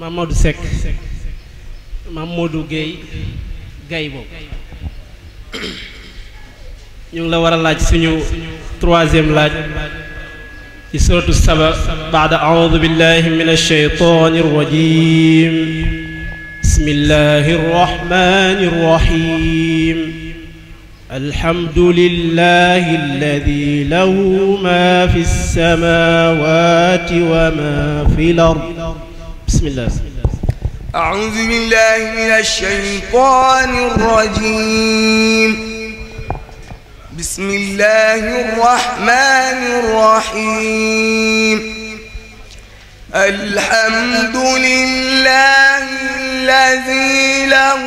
Mamadou Seck Mamadou Guèye Gaye boobu ñu ngi la war a laaj suñu troisième laaj ci suratu saba baada aoudu billahi min alsheytani arrajim bismillahi arrahmani arrahim alhamdulillahi alladi lahu ma fi alsamawati wa ma fi l ard bismillah أعوذ بالله من الشيطان الرجيم بسم الله الرحمن الرحيم الحمد لله الذي له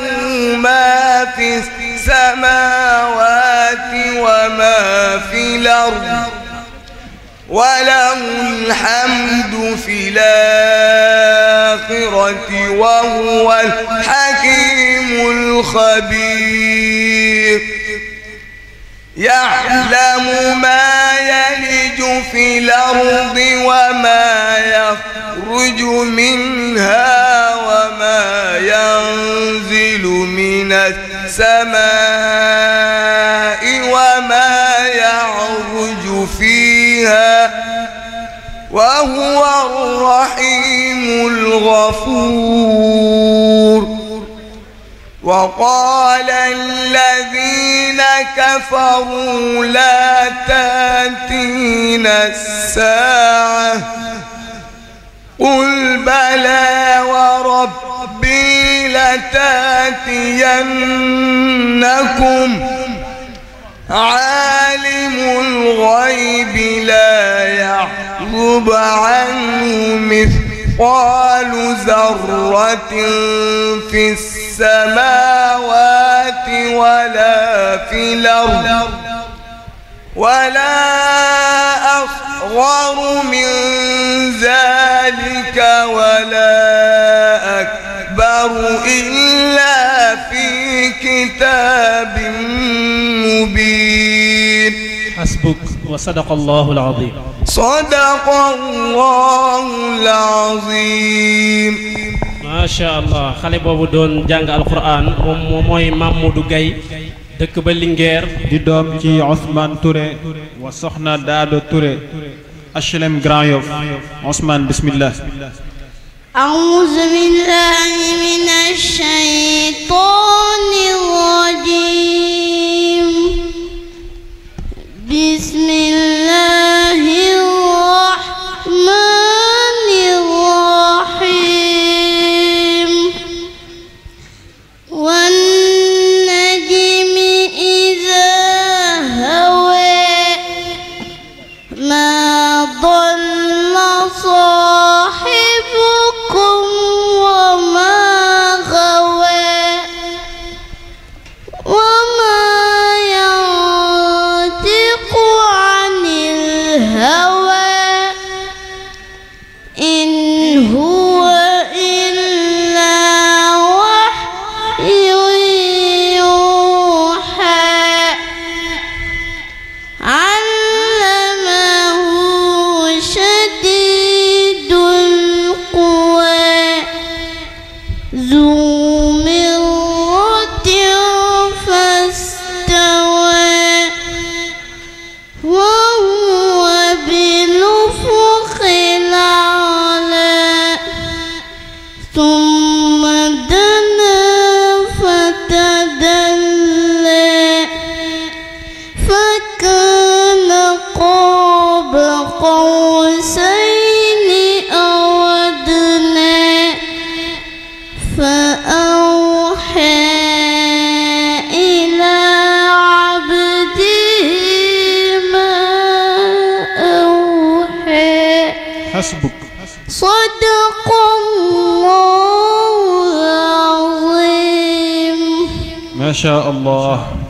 ما في السماوات وما في الأرض وله الحمد في الآخرة وهو الحكيم الخبير يعلم ما يلج في الأرض وما يخرج منها وما ينزل من السماء وما يعرج فيها بها وهو الرحيم الغفور وقال الذين كفروا لا تاتينا الساعة قل بلى وربي لتاتينكم عالم الغيب لا يعقب عنه مثقال ذرة في السماوات ولا في الأرض ولا أصغر من ذلك ولا أكبر إلا wa sadaqa allahu alazim sadaqa allahu alazim macha allah xale boobu doon jàng alquran moom mooy Mamadou Gaye dëkk ba Linguère di doom ci Ousmane Touré wa soxna Daado Touré HLM Grand Yoff Ousmane bismillah أعوذ بالله من الشيطان الرجيم بسم الله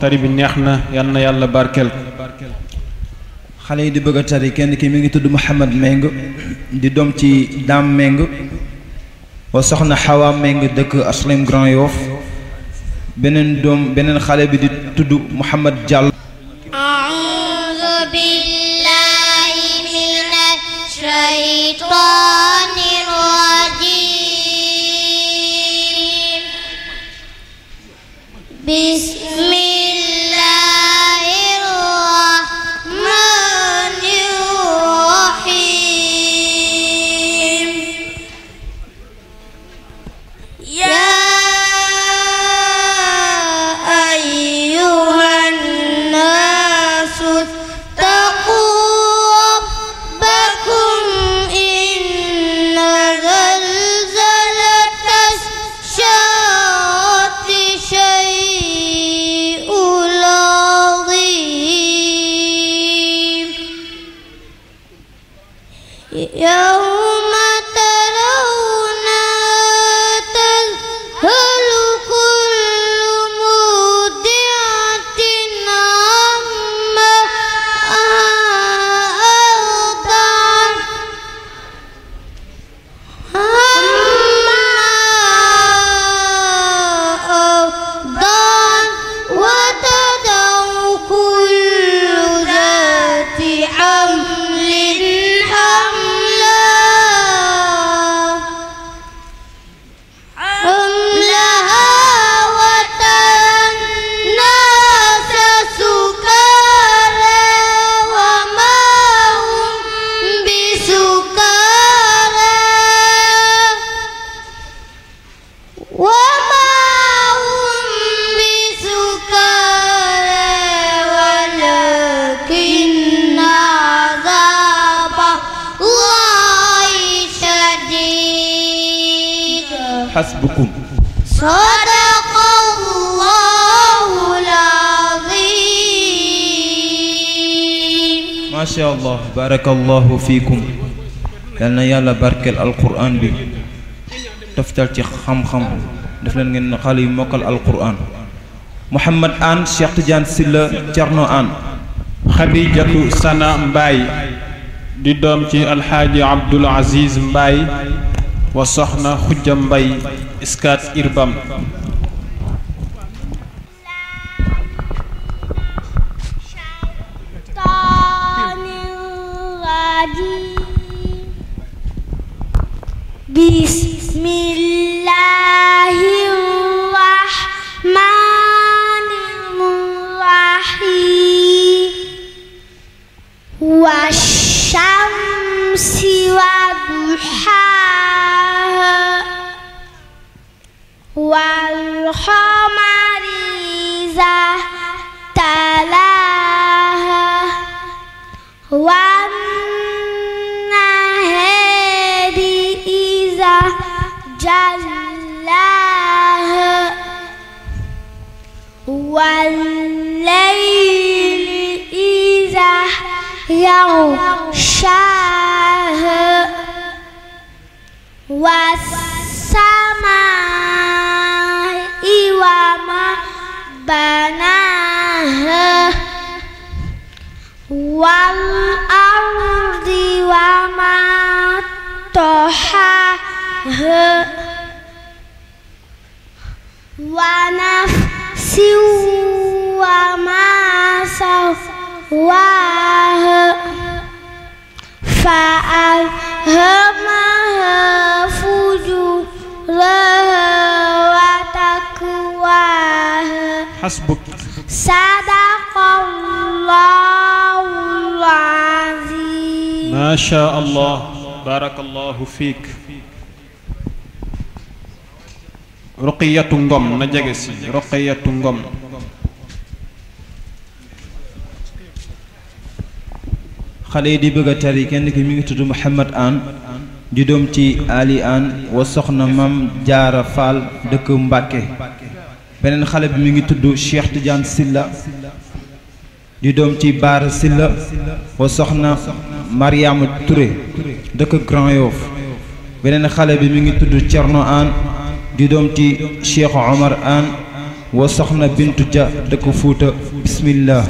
tari bi neex na yal na yàlla barkeel xale yi di bëgg a tari kenn ki mi ngi tudd Mouhamad Meng di doom ci Dame Meng wa soxna Xawa Meng dëkk Aslim Grand Yoff beneen doom beneen xale bi di tudd Mouhamad Diallo macha allah barakallahu fiikum yal na yàlla barkeel alquran bi toftal ci xam-xam def leen ngeen xale yu mokkal alquran Mouhamad Anne Cheikh Tidiane Sylla Thierno Anne Khadijatu Sana Mbaye di doom ci alxaaji Abdul Aziz mbaay wa soxna Xujja Mbaye iskaat irbam roqiyatu ngom na jege si roqiyatu ngom xale yi di bëgg a yi kenn ki mi ngi tudd Mouhamad Anne di doom ci Ali Anne wa soxna Mam Jaara Fall dëkk Mbàkke beneen xale bi mi ngi tudd Cheikh Tidiane Silla di doom ci Baara Silla wa soxna Mariama Touré dëkk Grand Yoff beneen xale bi mi ngi tudd Cerno Anne di doom ci cheikh omar an bintu ja dëkk fuuta bismillah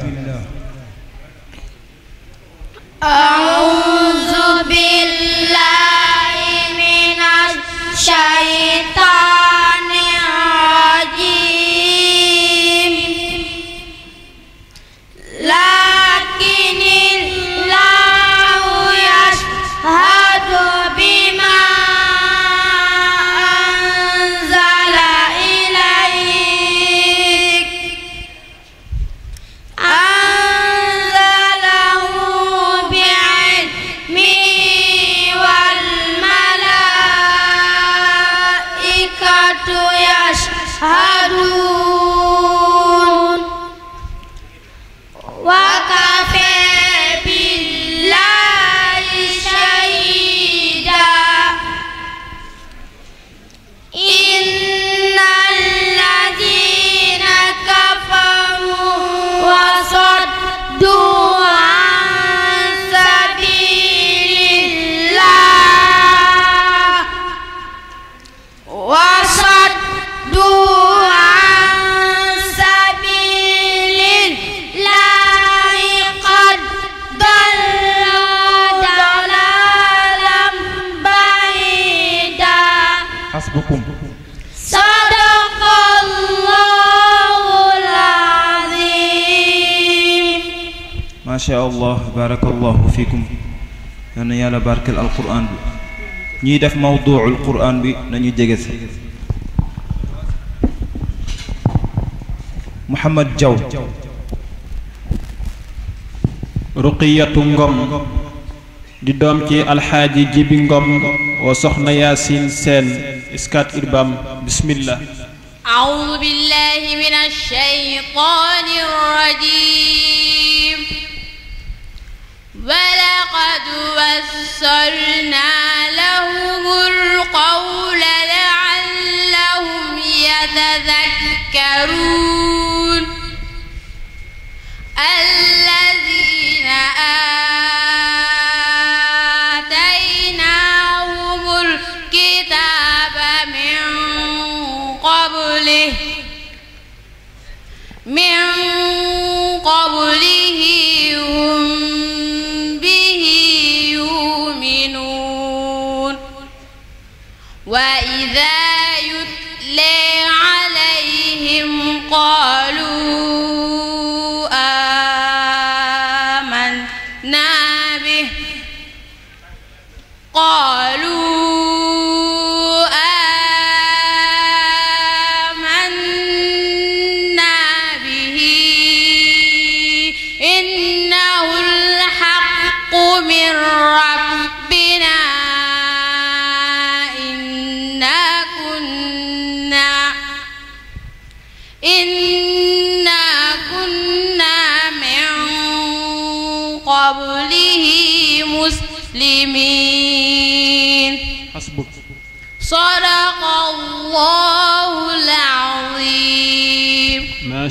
macha allah barakallahu fikum yal na yàlla barkeel alquran bi ñuy def mawduul quran bi nañu jege si Mouhamad Diaw ruqiyatu ngom di doom ci alxaaji jibi ngom wa soxna yaasin seen iskat irbam bismillah قد وصلنا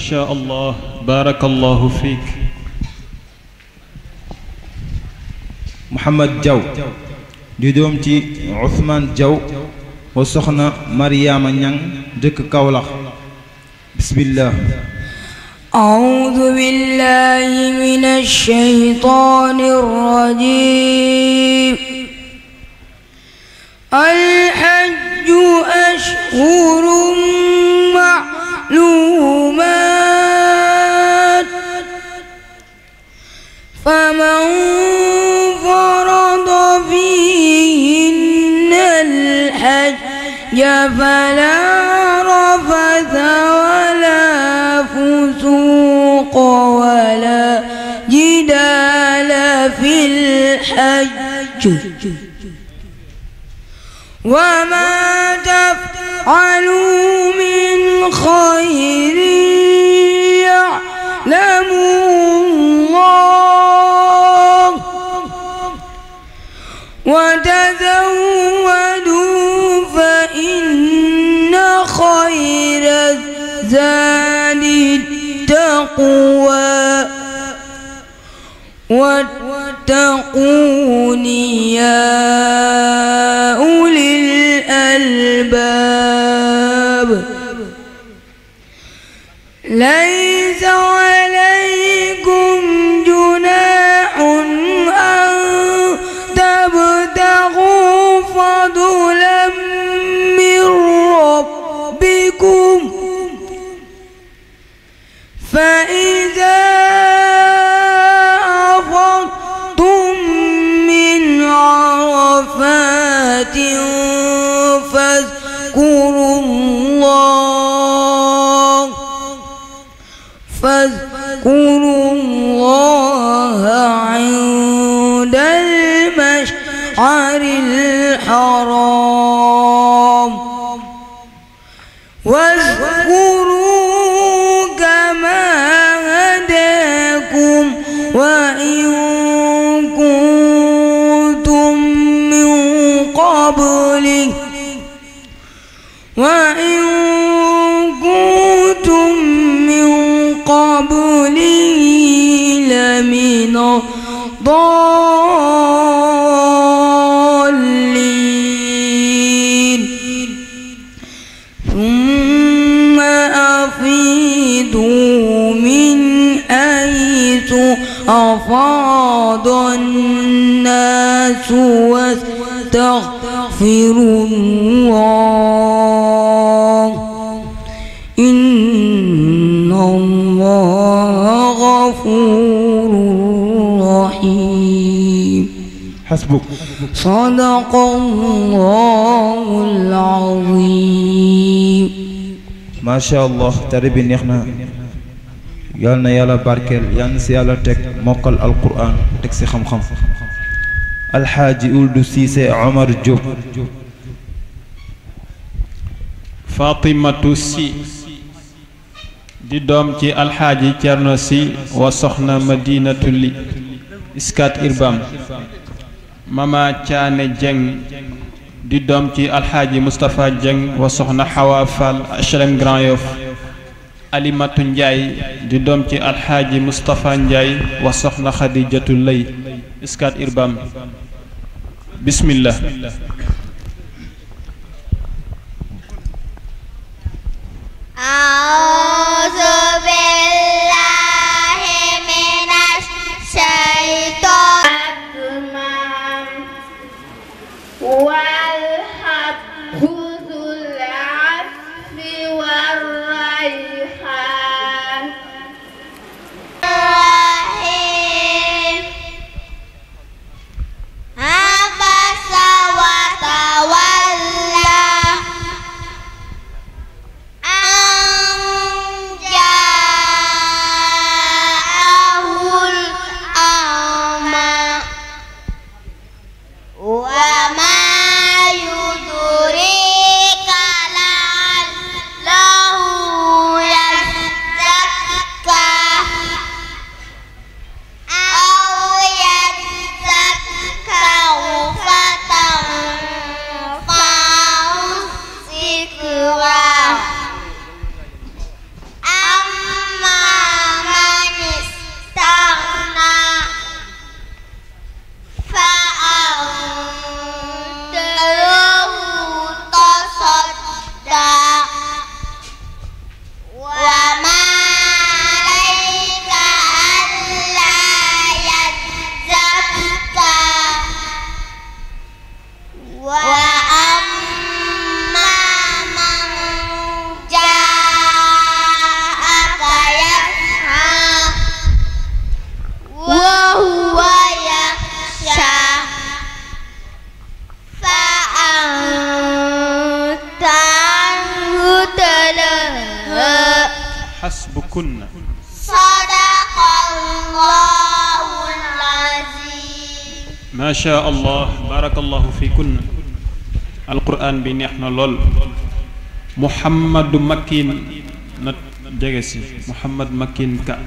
shaa allah baarakallahu fiik Muhammad Jaw di doom ci Ousmane Jaw wa soxna Mariama Ñang dëkk Kawlax bismillah أعوذ بالله من الشيطان الرجيم الحج أشهر فمن فرض فيهن الحج فلا رفث ولا فسوق ولا جدال في الحج وما تفعل التقوى واتقون يا أولي الألباب لن الشهر الحرام واذكروا كما هداكم وإن كنتم من قبله وإن كنتم من قبله لمن الضالين أفاض الناس واستغفروا الله إن الله غفور رحيم حسبك صدق الله العظيم ما شاء الله تربي نحن yal na yàlla barkeel si yàlla teg mokkal alquran teg si xam-xam alxaaji uldu siise omar Diop fatimatu si di doom ci alxaaji cerno si wa soxna madinatu li iskat mama caane jeng di doom ci alxaaji mustapha jeng wa soxna xawa fall HLM Grand Yoff alimatu Ndiaye di doom ci alxaaji Moustapha Ndiaye wa soxna Xadijatu Lay Scat Urbam bismillah أعوذ بالله من الشيطان والحق ذو العفو kunna sadaqallahul allah barakallahu fi kunna alquran bi neex na lool muhammadu makkin na jege si muhammad makkin ka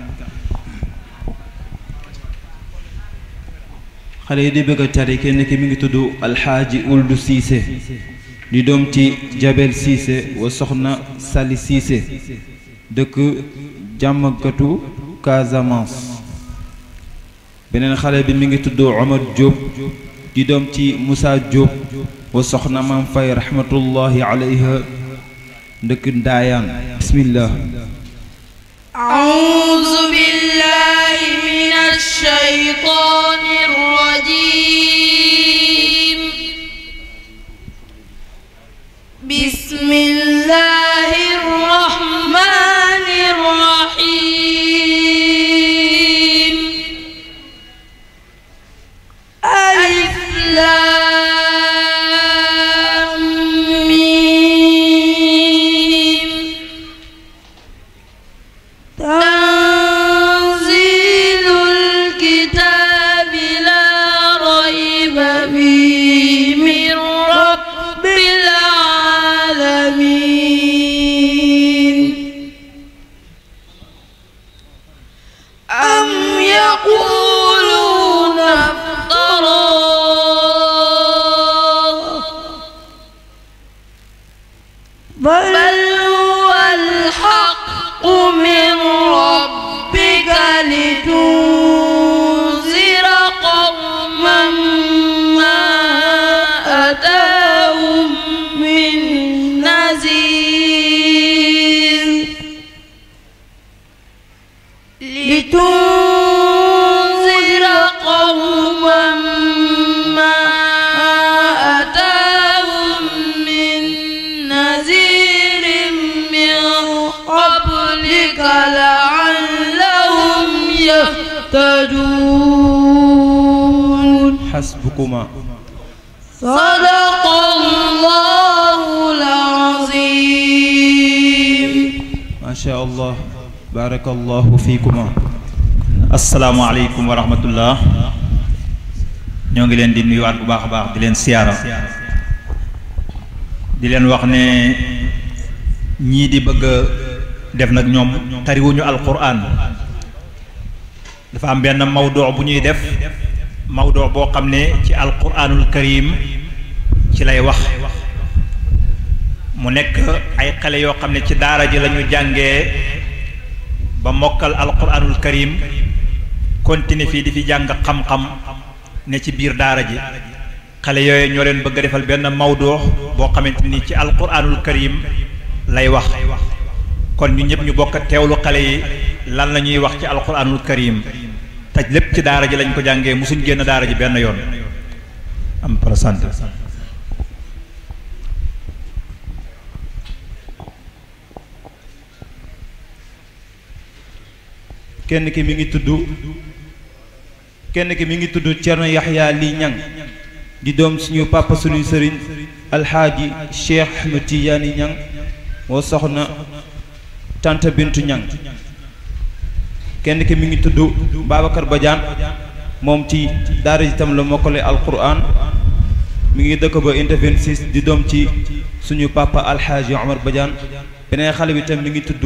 xale yi di bëgg a tari kenn ki mi ngi tudd alxaaji uldu siise di doom ci jabel siise wa soxna sali siise dëkk jàmmkatu Casamance beneen xale bi mi ngi tudd Omar Diop di doom ci Moussa Diop wa soxna maam Faye rahmatullahi alayha dëkk Ndaayaan bismillah ذكرك لعلهم يهتدون حسبكما صدق الله العظيم ما شاء الله بارك الله فيكما السلام عليكم ورحمة الله ñoo ngi leen di nuyuwaat bu baax a baax di leen siyaara di leen wax ne ñii di bëgg def nag ñoom tariwuñu alquran dafa am benn mawdoo bu ñuy def mawdoo boo xam ne ci alquranul karim ci lay wax mu nekk ay xale yoo xam ne ci daara ji la ñu jàngee ba mokkal alquranul karim continuer fii di fi jàng xam-xam ne ci biir daara ji xale yooyu ñoo leen bëgg a defal benn mawdoo boo xamante ni ci alquranul karim lay wax kon ñu ñëpp ñu bokk xale yi lan la ñuy wax ci alquranul karim te lépp ci daara lañ ko jàngee musuñ génn daara benn yoon am présente kenn ki mi ngi tudd kenn ki mi ngi tudd Cerno Yaxya Li Ñang di doom suñu pàpp suñu sëriñ alxaaji Cheikh Ahmed Tidiane Ñang moo soxna tante Bintu Ñang kenn ki mi ngi tudd Babacar Badiane moom ci daara ji tam la mokkale alquran mi ngi dëkk ba intervene six di doom ci suñu papa alxaaji Omar Badiane beneen xale bi tam mi ngi tudd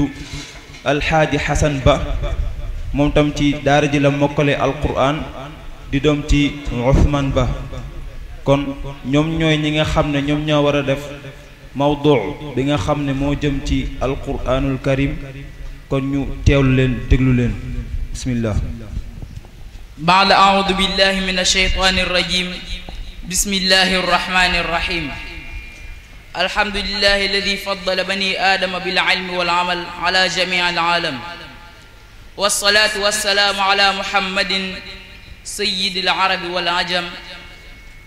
alxaaji Xasan Ba moom tam ci daara ji la mokkale alquran di doom ci Ousmane Ba kon ñoom ñooy ñi nga xam ne ñoom ñoo war a def mawduu bi nga xam ne moo jëm ci alquraanul karim kon ñu teewlu leen déglu leen bismillah baad audu billahi min alsheytaani alrajim bismillahi arrahmani arrahim alhamdulillahi alladi faddala bani aadama bililmi walamal ala jamici alaalam walsalaatu walsalaamu ala muhammadin sayidi alarabi walajam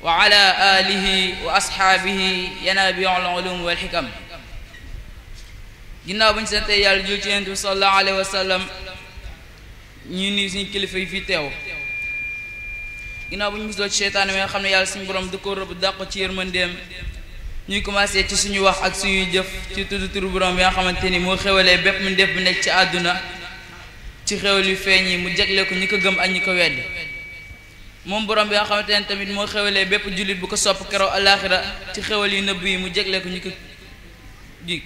wa ala alihi wa asxaabihi yanaabiul ulum wal xikam ginnaaw ba ñu sante yàlla jul ci yonent bi sallallahu alayhi wa sallam ñu nuyu suñu kilifa yi fi teew ginnaaw bu ñu musoo ci seytaane mi nga xam ne yàlla suñu borom du ko rëbb dàq ci yërmandeem ñuy commencé ci suñu wax ak suñuy jëf ci tudd turu borom nga xamante ni moo xewalee bépp mu def bu nekk ci àdduna ci xewal yu feeñ yi mu jagle ko ñi ko gëm ak ñi ko weddi moom borom bi nga xamante ne tamit moo xewalee bépp jullit bu ko sopp keroog alaaxira ci xewal yi nëbb yi mu jegle ko ñu ko ji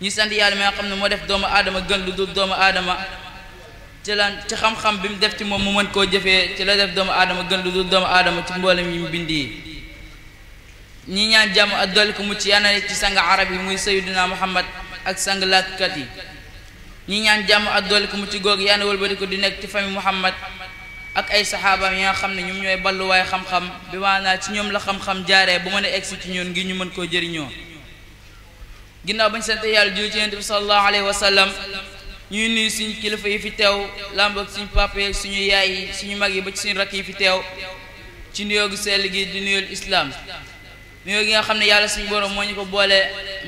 ñu sant yàlla mi nga xam ne moo def doomu aadama gën lu dul doomu aadama ci lan ci bi mu def ci moom mu mën koo jëfee ci la def doomu aadama gën lu aadama ci mboolem yi mu bind yi ñi ñaan jàmm ak dolli ko mucc yàlla ci sang arab yi muy sayyidina muhammad ak sang laajkat yi ñi ñaan jàmm ak dolli ko mucc googu yàlla wëlbati ko di nekk ci famille muhammad ak ay saxaabaam yi xam ne ñoom ñooy balluwaay xam-xam bi maanaa ci ñoom la xam-xam jaaree bu mën a egsi ci ngir ñu mën koo jëriñoo ginnaaw bañ sant yàlla jiw ci yonent bi sallallahu alayhi wa sallam ñuy nuyu suñu kilifa yi fi teew làmb ak suñu papa suñu yaay yi suñu mag yi ba ci suñu rakk yi fi teew ci nuyoo gu sell gi di nuyul islaam nuyoo gi nga xam ne yàlla suñu borom moo ñu ko boole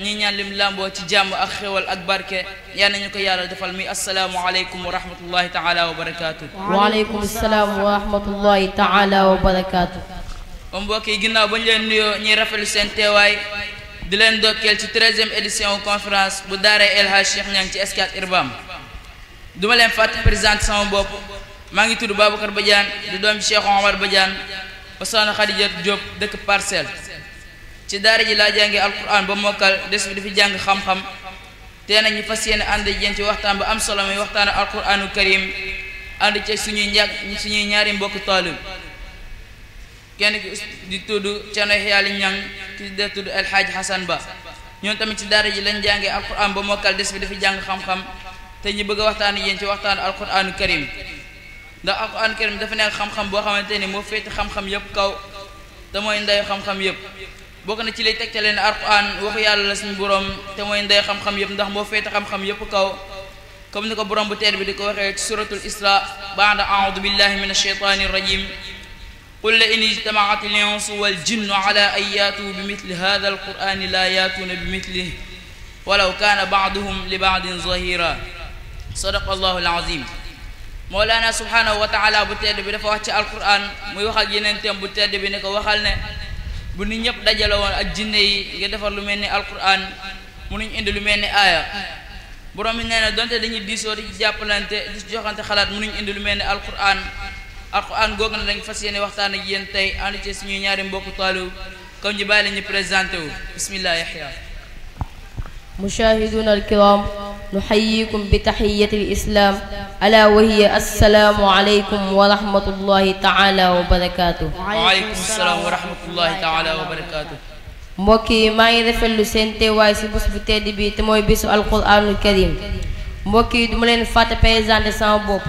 ñi ñaan lim làmboo ci jàmm ak xéwal ak barke yal nañu ko yàlla defal mi asalaamualeykum wa rahmatullahi taala wa barakaatu. waaleykum salaam wa rahmatullahi taala wa barakaatu. moom mbokk yi ginnaaw ba ñu leen nuyoo ñuy rafetlu seen teewaay di leen dokkeel ci treizième édition conférence bu Daara El Hadj Cheikh Niang ci Scat Urbam duma leen fàtte présenté sama bopp maa ngi tudd Babacar Badiane di doom Cheikh Omar Badiane ba soxna Khadija Diop dëkk ci daara ji laa jàngee alquran ba mokkal des bi dafi jàng xam-xam tee nañu fas yéene ànd yéen ci waxtaan ba am solo muy waxtaan alquranu karim ànd ci suñuy njàg suñuy ñaari mbokk taalib kenn ki di tudd Cerno Yaxyaali Ñaŋ Ba ñoom tamit ci daara ji lañ jàngee alquran ba mokkal des bi dafa jàng xam-xam te ñu bëgg a waxtaan yéen ci waxtaan alquranu karim ndax alquranu karim dafa nekk xam-xam boo xamante ni moo féete xam-xam yëpp kaw te mooy ndeyu xam-xam yëpp bokk na ci lay tegtaleen alquran waxu yàlla la suñu borom te mooy ndey xam-xam yëpp ndax moo féete xam-xam yëpp kaw comme ni ko borom bu teer bi di ko waxee ci suratul isra baada aoudu billahi min alsheytani irrajim qul la in ijtamaat linsu wal jinnu ala an yaatuu bi mitli hada alqurani la yaatuuna bi mitlih walaw kaana baaduhum li baadin zahira sadaqa allahu alazim moolaana subhanahu wa taala bu tedd bi dafa wax ci alquran muy wax ak yeneen tem bu tedd bi ne ko waxal ne bu nit ñëpp dajale woon ak jinne yi defar lu mel ni alquran mënuñ indi lu mel ni aaya borom bi nee na donte dañuy diisoo di jàppalante di joxante xalaat mënuñ indi lu mel ni alquran alquran googu na dañ fas yéene waxtaan ak yéen tey ànd ci suñuy ñaari mbokku taaliw comme ji bàyyi la ñu présenté wu bismillah Yaxya mushaahiduuna alkiram nuxayikum bi taxiyati alislaam ala wa hiya assalaamu aleykum wa rahmatullahi wa barakaatu waaleykum salaam wa rahmatullahi mbokk yi maa ngi lu seen teewaay si bés bu tedd bi te mooy bésu alquraanul karim mbokk yi duma leen fàtte présenté sama bopp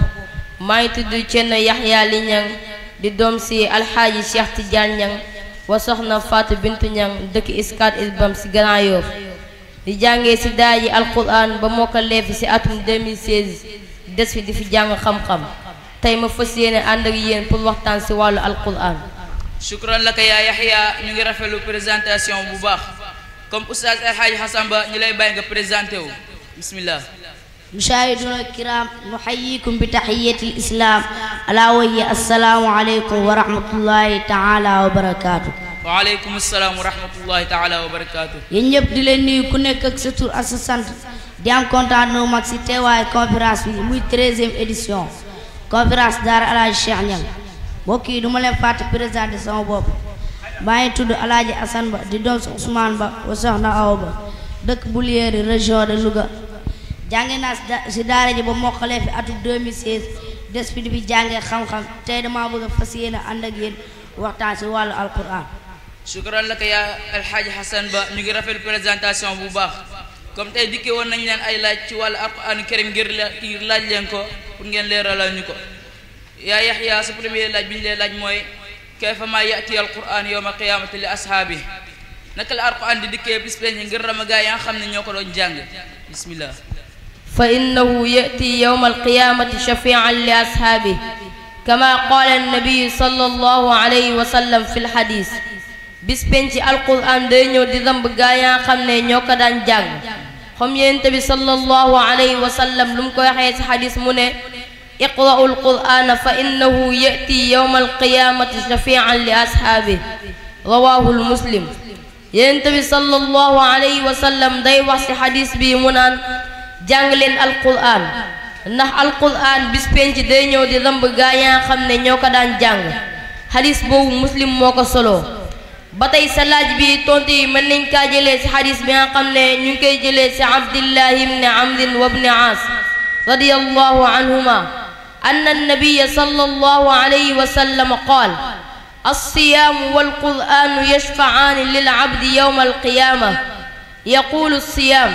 maa ngi tudd Thierno Yahya Ly di doom ci alxaaji Cheikh Tidiane Niang wa soxna Fatou Bintou Niang dëkk Scat Urbam si Grand Yoff di jàngee ci daaji alquran ba moo ko si ci atum 2016 des fi di fi jàng xam-xam tey ma fas yéene ànd ak yéen pour waxtaan si wàllu alquran shukran laka yaa Yaxya ñu ngi rafetlu présentation bu baax comme oustaz El Hadj Hassan Ba ñu lay bàyyi nga présenté wu bismillah mushahiduna alkiram nuxayikum bi taxiyati l islam ala waye asalaamu aleykum wa rahmatullahi waaleykum salaam wa rahmatullahi taala wa barakaatu. ñëpp di leen nuyu ku nekk ak sa tur ak sa di am kontaan nu mag si teewaayu conférence bi muy treizième édition conférence daara alaaji Cheikh Niang mbokk yi du ma leen fàtte présenté sama bopp maa ngi tudd alaaji Assane Ba di doom sox Ousmane Ba wa soxna Awa Ba dëkk Bulyeeri région de Louga jànge naa si daara ji ba mokkalee fi atum 2016 des bi jàngee xam-xam tey damaa bëgg a fas yéene ànd ak yéen waxtaan si wàllu alquran shukran laka yaa alxaaji Hassan Ba ñu ngi rafetlu présentation bu baax comme tey dikkee woon nañu leen ay laaj ci wàllu alxuraan karim ngir laaj leen ko pour ngeen leeralal ñu ko yaa Yaxya sa premier laaj bi ñu lay laaj mooy kayfa maa ya'ti alxuraan yawma qiyaamati li ashaabi naka la alxuraan di dikkee bis penc ngir rama gaa yaa xam ne ñoo ko doon jàng bismillah fa innahu ya'ti yawma alqiyaamati shafii'an li ashaabi kama qaala annabiyu sallallahu alayhi wa sallam fi alxadiis bis penc alquran day ñëw di ramb gaa yaa xam ne ñoo ko daan jàng xam yonent bi sallallahu alayhi wa sallam lu mu ko waxee mu ne iqra'u alqurana fa innahu ya'ti yawma alqiyamati shafi'an li ashaabi rawahu almuslim yonent bi sallallahu alayhi wa sallam day wax ci xadis bi mu naan jàng leen alquran ndax alquran bis penc day ñëw di ramb gaa yaa xam ne ñoo ko daan jàng xadis muslim moo ko ba tey sa laaj bi tontu yi mën nañ kaa jëlee si xadis bi nga xam ne ñu ngi koy jëlee si abdillahi ibni amrin wa bni aas radiyallahu anhuma anna annabiya sallallahu alayhi wa sallam qaal alsiyaamu walqur'aanu yashfacaani lilcabdi yowma alqiyaama yaquulu alsiyaam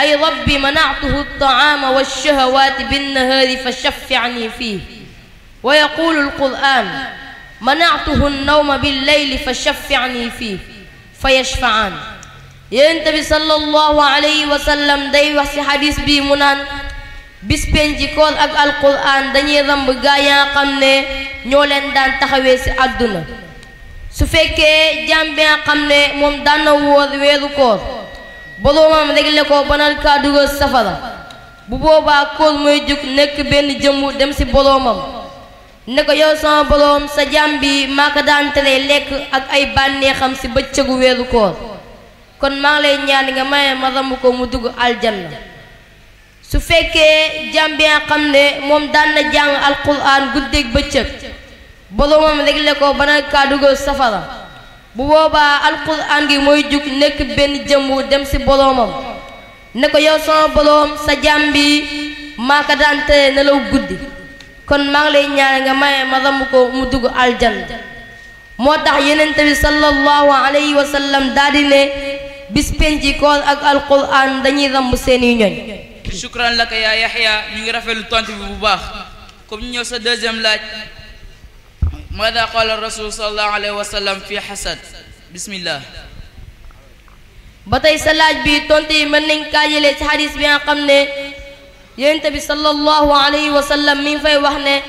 ay rabbi manactuhu altacaama walshahawaati binnahaari fa shafficnii fiih wa yaquulu alqur'aan manaatuhu nawma billeyli fa shaffi'ni fii fa yashfa'aan yonent bi sallallahu alayhi wa sallam day wax ci xadiis bi mu naan bis penc koor ak alquran dañuy rëmb gaa yaa xam ne ñoo leen daan taxawee ci àdduna su fekkee jaam bi nga xam ne moom daan na weeru koor boroomam régle ko banal kaadugal safara bu boobaa koor mooy jóg nekk benn jëmmu dem ci boroomam ne ko yow sama boroom sa jàmm bi maa ko daan tere lekk ak ay bànneexam si bëccëgu weeru koor kon maa ngi lay ñaan nga maye ma ramb ko mu dugg aljanna su fekkee jàmm bi nga xam ne moom daan na jàng alquran guddeeg bëccëg boroomam régle ko bana kaa dugal safara bu boobaa alquran gi mooy jug nekk benn jëmbu dem si boroomam ne ko yow sama boroom sa jàmm bi maa ko daan tere nelaw guddi kon maa ngi lay ñaan nga maye ma ramm ko mu dugg aljanna moo tax yenente bi sallallahu alayhi wa sallam daal di ne bis penci koor ak alquran dañuy ramm seeni ñoñ shukran laka yaa yaxya ñu bi bu baax comme ñu sa deuxième laaj maada qaala rasul sallallahu alayhi wa sallam fi xasad bismillah ba sa laaj bi tontu yi mën nañ ci xadis bi nga xam ne yonente bi sallallahu alayhi wa sallam mi ngi fay wax ne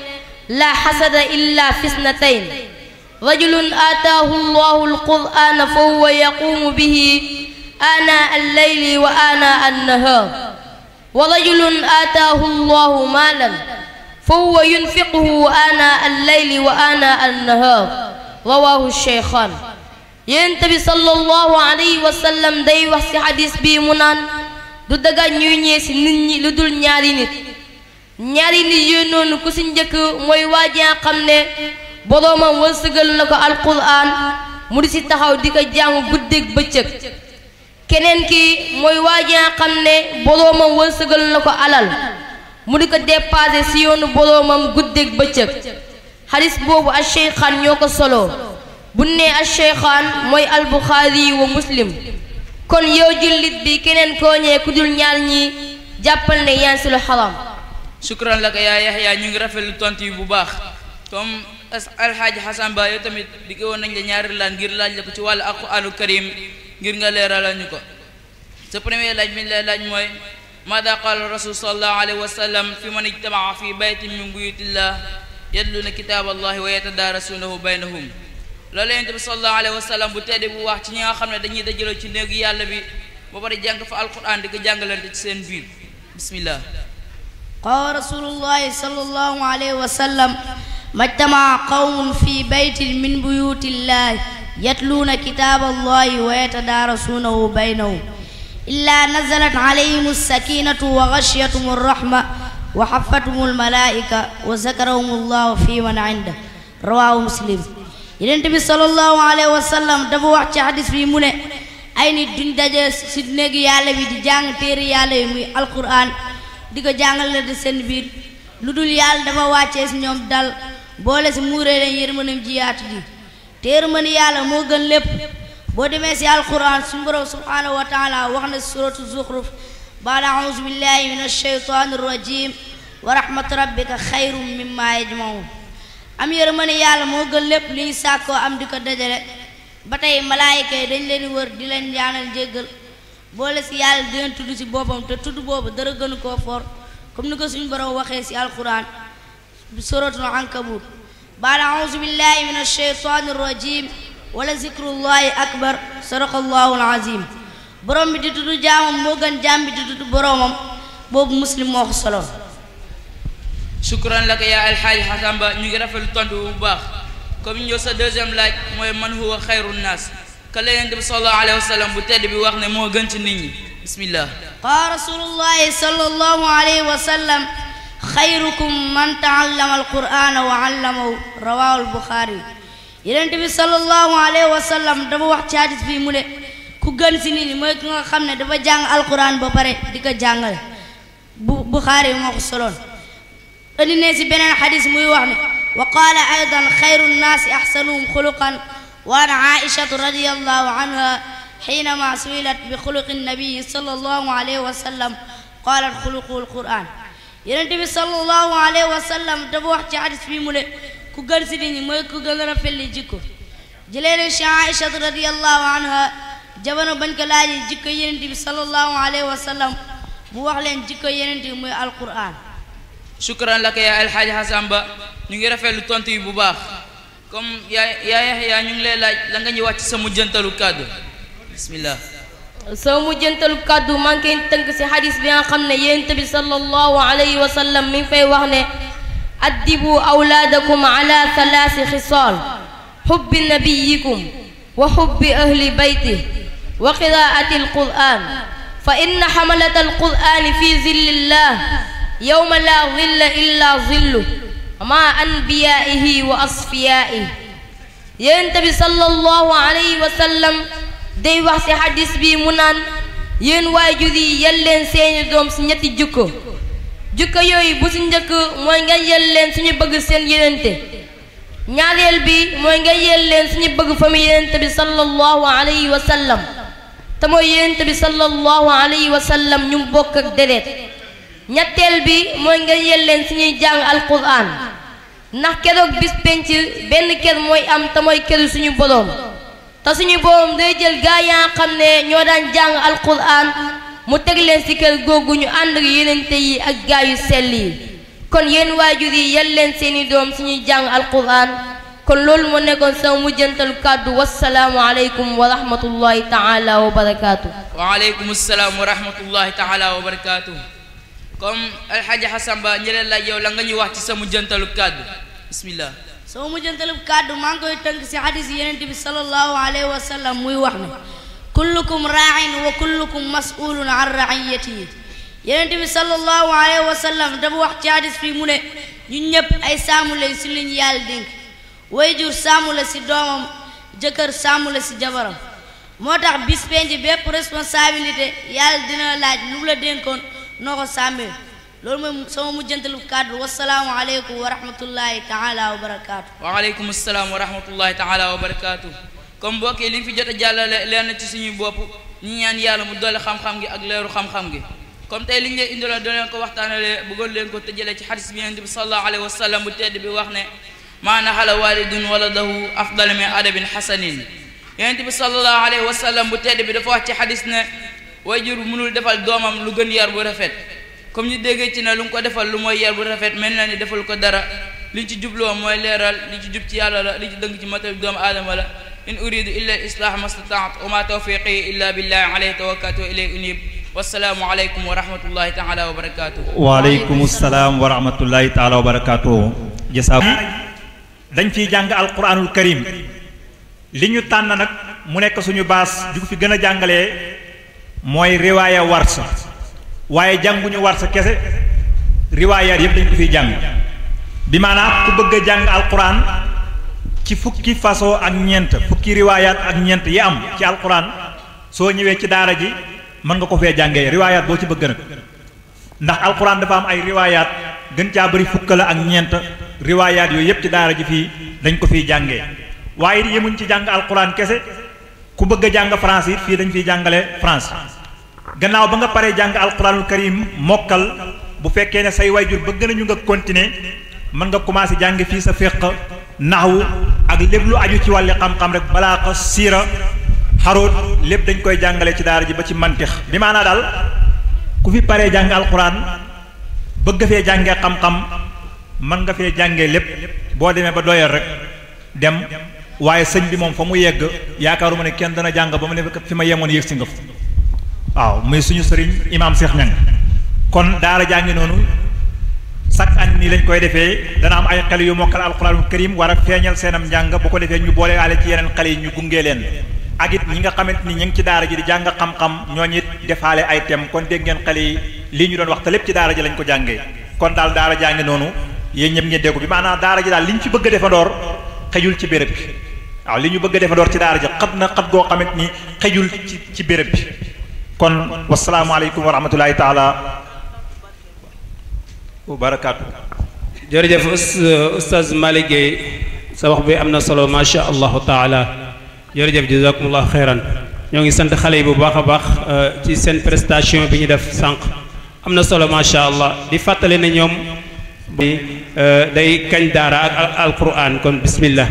la xasada illa fisnatayn rajulun aataahu allahu alqur'ana fa huwa yaquumu bihi aanaa alleyli wa aanaa annahaar wa rajulun aataahu allahu maalan fa huwa yunfiquhu aanaa alleyli wa aanaa annahaar rawaahu cheykhaan yonente bi sallallahu alayhi wa sallam day wax ci xadis bii mu naan du dagan ñuy ñee si nit ñi lu dul ñaari nit ñaari nit yooyu ku si njëkk mooy waa ji xam ne boroomam wërsëgal na ko alquran mu di ci taxaw di ko jaamu guddeeg bëccëg keneen ki mooy waa ji xam ne boroomam wërsëgal na ko alal mu di ko dépassé si yoonu boroomam guddeeg bëccëg xadis boobu al cheykhaan ñoo ko solo bu nee al mooy albuxaari wa muslim kon yow jullit bi keneen koo ñee ku dul ñaar ñi jàppal ne yaa ngi si lu xaram sukran la ya yaa ñu ngi rafet lu tontu yi bu baax comme alxaaji xasan ba yow tamit digge woon nañ la ñaari laaj ngir laaj la ko ci wàllu alquraanu karim ngir nga leeralal ñu ko sa premier laaj bi ñu lay mooy maada qaala rasul sallallahu alayhi wa sallam fi man ijtamaa fi baytin min buyutillah yatluuna kitaab allahi wa yatadaarasuunahu baynahum loolu yonent bi sallallahu alayhi wa sallam bu tedd bu wax ci ñi nga xam ne dañuy dajaloo ci néegu yàlla bi ba pare jàng fa alquran di ko jàngalante ci seen biir bismillah qaala rasulullahi sallallahu alayhi wa sallam majtamaa qawmun fi baytin min buyutillahi yatluuna kitaaballahi wa yatadaarasuunahu baynahum illaa nazalat alayhim as-sakiinatu wa ghashiyatuhum ar-rahma wa haffatuhum al-malaa'ika wa zakarahum allahu fi man indahu rawaahu muslim yenent bi sallallahu alayhi wa sallam dafa wax ci hadis bi mu ne ay nit duñ daje si néegi yàlla bi di jàng téere yàlla bi muy alquran di ko jàngale de seen biir lu dul yàlla dafa wàccee si ñoom dal boole si muuree leen yërmanam ji yaatu ji te yërmande yàlla moo gën lépp boo demee si alquran suñu borom subhaanahu wa taala wax na si suratu zuxruf baada auzu billahi min alsheytaani rajim wa rahmatu rabbika xayrum mimma yajmaun am yërmande yàlla moo gën lépp liy sàkkoo am di ko dajale ba tey malaayika yi dañ leen wër di leen ñaanal jéggal boole si yàlla di leen tudd si boppam te tudd boobu dara gënu koo foor comme ni ko suñu borom waxee si alquran suratul ankabut baada auzu billahi min alsheytaani rajim wala zikrullahi akbar sadaqallahu alazim borom bi di tudd jaamam moo gën jaam bi di tudd boromam boobu muslim moo ko solo shukran laka yaa alxaaji xasan ba ñu ngi rafetlu tontu bu baax comme ñëw sa laaj mooy man huwa xayru nnaas ka la yonent bi sallallahu alayhi sallam bu tedd bi wax ne moo gën ci nit ñi bismillah qaala rasulullahi sallallahu alayhi wa sallam xayrukum man taallama alqur'ana wa allamahu rawahu albuxaari yonent bi sallallahu alayhi wa sallam dafa wax ci hadis bi mu ne ku gën ci nit mooy ki nga xam ne dafa jàng alqur'an ba pare di ko jàngale indi ne si beneen xadis muy wax ne wa qaala aydan xayru nnaasi axsanuhum xuluqan wa an aishatu radiallahu anha xiinama suilat bi xuluqi nnabiyi sallallahu alayhi wa sallam qaalat xuluquhu lquran yonent bi sallallahu alayhi wa sallam dafa wax ci xadis bi mu ne ku gën si nit ñi mooy ku gën a rafetli jikko jëlee ne si aishatu radiallahu anha jamono bañ ko laajee jikko yonent bi sallallahu alayhi wa sallam bu wax leen jikko yonent bi muy alquran shukran laka yaa alxaaji xasan ba ñu ngi rafetlu tontu yi bu baax comme yaa yaa yaxya ñu ngi lay laaj la nga ñuy wàcc sa mujjantalu kàddu bismillah sa mujjantalu kàddu maa ngi koy tënk si xadis bi nga xam ne yonent bi sallallahu alayhi wa sallam mi ngi fay wax ne addibu awlaadakum ala thalaasi xisaal xubbi nabiyikum wa xubbi ahli bayti wa qiraati alquran fa inna xamalata alquran fi zillillah yowma laa zilla illa zillu ma anbiyaa'ihi wa asfiyaa'ihi yénte bi sallallahu alayhi wa sallam wax si xadis bi mu naan yéen waajur yi yal leen seeni doom ci ñetti jukko jukko yooy bu ci njëkk mooy ngeen yal leen suñu bëgg seen yénente ñaareel bi mooy ngeen yal leen suñu bëgg fa mu yénente bi sallallahu alayhi wa sallam te mooy yénente bi sallallahu alayhi wa sallam ñu bokk ak ñetteel bi mooy nga yenn leen si ñuy jàng alquran ndax keroog bis penc benn ker mooy am te mooy keru suñu boroom te suñu boroom day jël gaa yaa xam ne ñoo daan jàng alquran mu teg leen ci kër googu ñu ànd ak yenente yi ak gaa yu sell yi kon yéen waajur yi yenn leen seeni doom suñuy jàng alquran kon loolu moo nekkoon sama mujjantalu kàddu wasalaamu aleykum wa rahmatullahi taala wa barakaatu. waaleykum salaam wa rahmatullahi taala wa barakaatu. comme alxaaji Xasan Ba ñi leen yow la nga ñuy wax ci sa mujjantalub kàddu bismillah sama mujjantalub kàddu maa ngi koy tënk si xadis yenente bi sallallahu alayhi wa sallam muy wax ne kullukum raain wa kullukum masulun an raiyatihi yenente bi sallallahu alayhi wa sallam dafa wax ci xadis fii mu ne ñun ñëpp ay saamu si si luñ yàlla dénk wayjur saamu la si doomam jëkkër saamu la si jabaram moo tax bis penc bépp responsabilité yàlla dina laaj lu mu la dénkoon noo ko sàmmee loolu mooy sama mujjantalu kàddu wasalaamu aleykum wa rahmatullahi taala wa barakaatu waaleykum salaam wa rahmatullahi taala wa barakaatu comme mbokk yi li fi jot a jàllale leen ci suñuy bopp ñu ñaan yàlla mu doole xam gi ak leeru xam-xam gi comme tey li ñu leen indiloon doon leen ko waxtaanale leen ko tëjale ci xadis bi yonent bi sallallahu alayhi wa sallam bu tedd bi wax ne maa naxala waalidun waladahu afdal min adabin xasanin yonent bi sallallahu alayhi wa sallam bu tedd bi dafa wax ci xadis ne waajur mënul defal doomam lu gën yar bu rafet comme ñu dégge ci na lu mu ko defal lu mooy yar bu rafet mel na ni defal ko dara lu ñu ci jubloo mooy leeral li ci jub ci yàlla la li ci dëng ci matal doom aadama la in uridu illa al islah mastataat wa ma tawfiqi illa billah alayhi tawakkaltu wa ilayhi unib wassalaamu aleykum wa rahmatullahi taala wa barakaatu waaleykum salaam wa rahmatullahi taala wa barakaatu jasa dañ ciy jàng alquranul karim li ñu tànn nag mu nekk suñu baas ju fi gën a jàngalee mooy riwaaya warsa waaye jànguñu warsa kese riwaayaat yëpp dañ ko fiy jàng bi maanaam ku bëgg a jàng alquran ci fukki façon ak ñeent fukki riwaayaat ak ñeent yi am ci alquran soo ñëwee ci daara ji mën nga ko fee jàngee riwaayaat boo ci bëgg nag ndax alquran dafa am ay riwaayaat gën caa bëri fukk la ak ñeent riwaayaat yooyu yëpp ci daara ji fii dañ ko fiy jàngee waaye yemuñ ci jàng alquran kese. ku bëgg a jàng France it fii dañ fiy jàngale France gannaaw ba nga paree jàng alquranul karim mokkal bu fekkee ne say wayjur bëgg nañu nga continuer mën nga commencé jàng fii sa fiq naxwu ak lépp lu aju ci wàlli xam-xam rek balaa ko siira xaroot lépp dañ koy jàngale ci daara ji ba ci mantix bi maa naa daal ku fi paree jàng alquran bëgg fee jàngee xam-xam mën nga fee jàngee lépp boo demee ba doyal rek dem waaye sëñ bi moom fa mu yegg yaakaaruma ne kenn dana jàng ba mu ne fi ma yemoon yëg si nga fa waaw muy suñu sëriñ imaam Cheikh Niang kon daara jàngi noonu chaque année nii lañ koy defee dana am ay xel yu mokkal alxuraanul karim war a feeñal seenam njàng bu ko defee ñu boole aale ci yeneen xale yi ñu gungee leen ak it ñi nga xamante ni ñu ngi ci daara ji di jàng xam-xam ñooñu it defaale ay tem kon dégg ngeen xale yi lii ñu doon wax te lépp ci daara ji lañ ko jàngee kon daal daara jàngi noonu yéen ñëpp ngeen bi maanaam daara ji daal li ñu fi bëgg a defandoor xejul ci béréb bi waaw li ñu bëgg a defa ci daara ji xat na xat goo xamante ni xejul ci ci béréb bi kon wasalaamualeykum wa rahmatulahi taala wa barakaatu jërëjëf ustaz Malick Gueye sa wax bi am na solo macha allahu taala jërëjëf jazakumullah xeyran ñoo ngi sant xale yi bu baax a baax euh, ci seen prestation bi ñu def sànq am na solo macha allah di fàttale na ñoom euh, day kañ daara ak alquran kon bismillah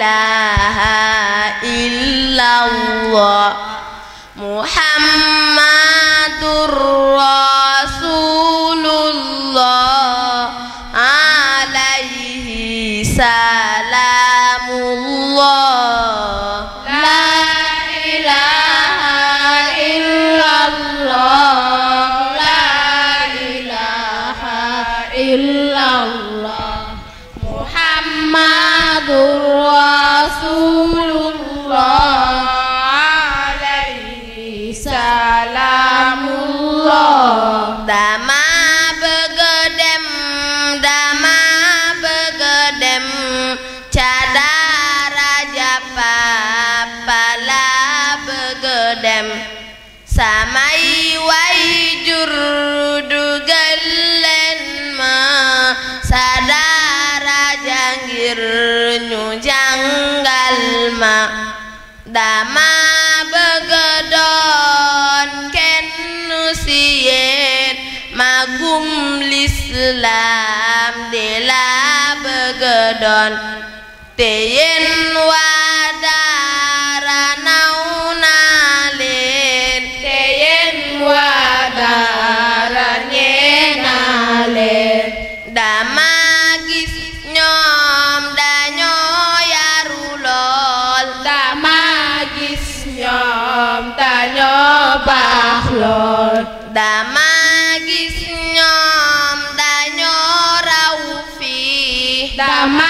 ilaha illallah muhammadur yoon te waa daara naw naa leen te waa daara ñee naa leen dama gis ñoom dañoo yaru lool dama gis ñoom dañoo baax lool dama gis ñoom dañoo raw fii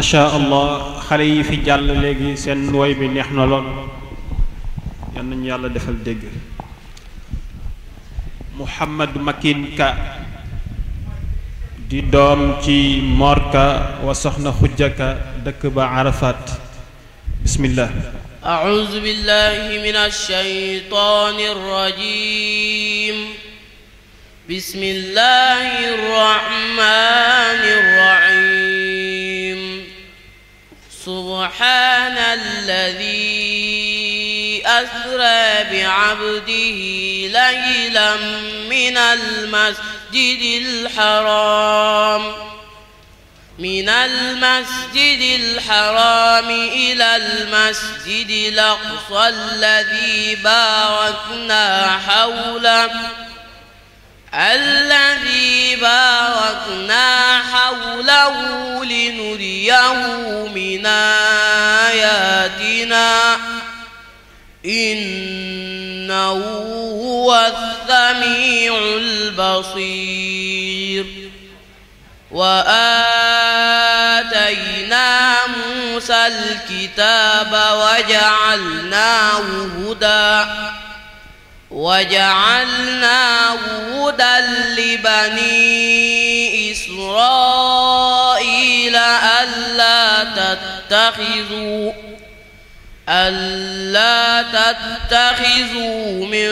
macha allah xale yi fi jàll léegi seen woy bi neex na lool yal nañu yàlla defal dégg Muhammad Makin Ka di doom ci Mor Ka wa soxna Xujja Ka dëkk ba Arafat bismillah a'uuzu billahi minash shaytaanir rajiim bismillahir rahmaanir rahiim سبحان الذي أسرى بعبده ليلا من المسجد الحرام من المسجد الحرام إلى المسجد الأقصى الذي باركنا حوله الذي باركنا حوله لنريه من آياتنا إنه هو السميع البصير وآتينا موسى الكتاب وجعلناه هدى وجعلناه هدى لبني إسرائيل ألا تتخذوا ألا تتخذوا من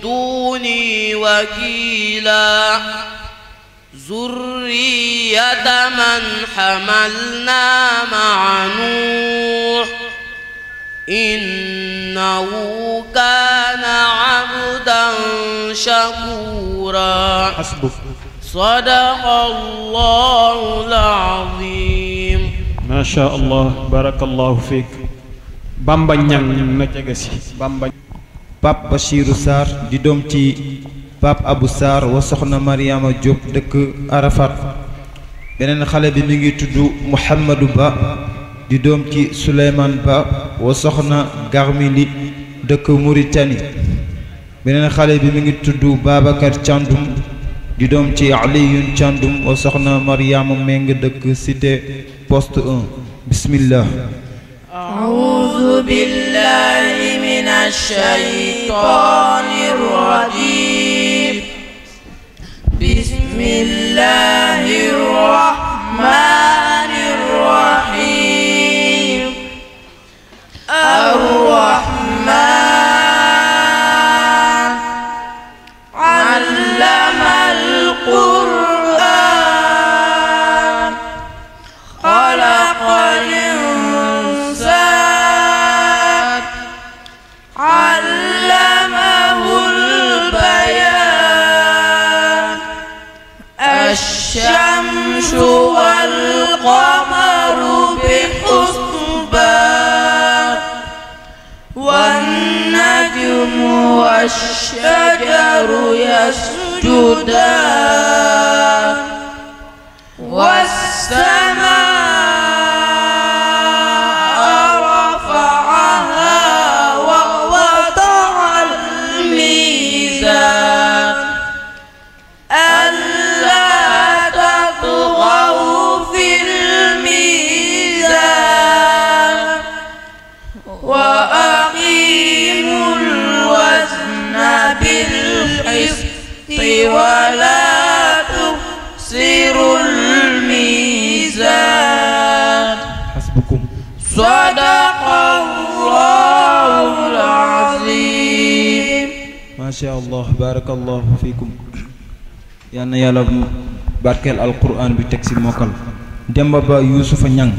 دوني وكيلا ذرية من حملنا مع نوح إنه كان عبدا شكورا حسبك di doom ci Pape Abou Sarr wa soxna Mariama Diop dëkk Arafat beneen xale bi mi ngi tudd Mouhamadou Ba di doom ci Souleymane Ba wa soxna Garmili dëkk Mauritanie beneen xale bi mu ngi tudd Babacar Thiandoum di doom ci Aliyun Thiandoum wa soxna Mariama Meng dëkk cité poste 1 bismillah waaw والشجر يسجدان macha allah barakallahu fiikum yal na yàlla barkeel alquran bi teg si mokkal demba ba yuusufa ñang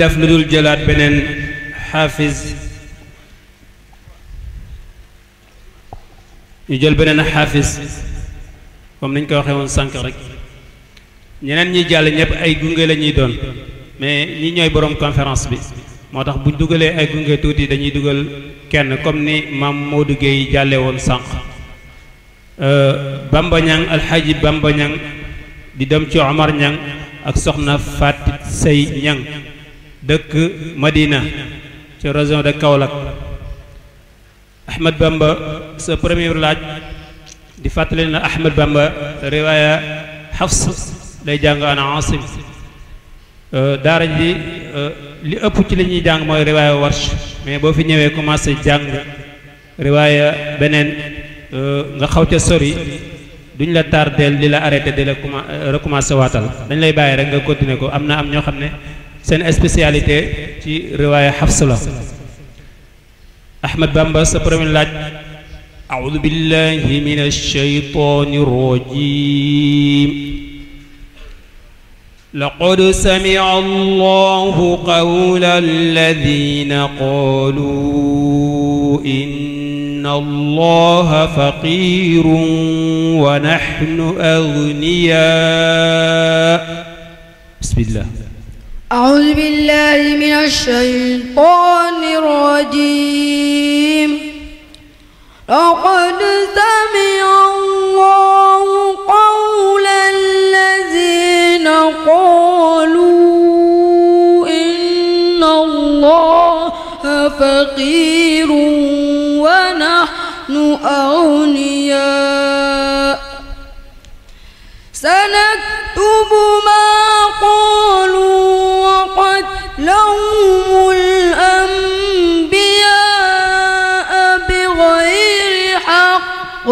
def lu dul jëlaat beneen xaafis jël beneen xaafis comme niñ ko waxee woon ñeneen ñi jàll ñëpp ay gunge lañuy ñuy doon mais ñi ñooy borom conférence bi moo tax bu dugalee ay gunge tuuti dañuy dugal kenn comme ni maam Modou Gueye jàlle woon sànq euh, Bamba Ñang alxaaji Bamba Ñang di dem ci Omar Ñang ak soxna Fatit Sey Ñang dëkk Madina ci région de Kaolack Ahmed Bamba sa premier laaj di fàttali na Ahmed Bamba riwaaya Hafs day jàng ana asim euh, daara ji euh, li ëpp ci li ñuy jàng mooy riwaaya warsh mais boo fi ñëwee commencé jàng riwaaya beneen euh, nga xaw ca sori duñ la tardeel di la arrêté di la recommencé waatal dañ lay bàyyi rek nga continuer ko am na am ñoo xam ne seen spécialité ci riwaaya xafs la Ahmad Bamba sa premier laaj a'udhu billahi minash shaytanir rajim لقد سمع الله قول الذين قالوا إن الله فقير ونحن أغنياء بسم الله أعوذ بالله من الشيطان الرجيم لقد سمع نحن أغنياء سنكتب ما قالوا وقتلهم الأنبياء بغير حق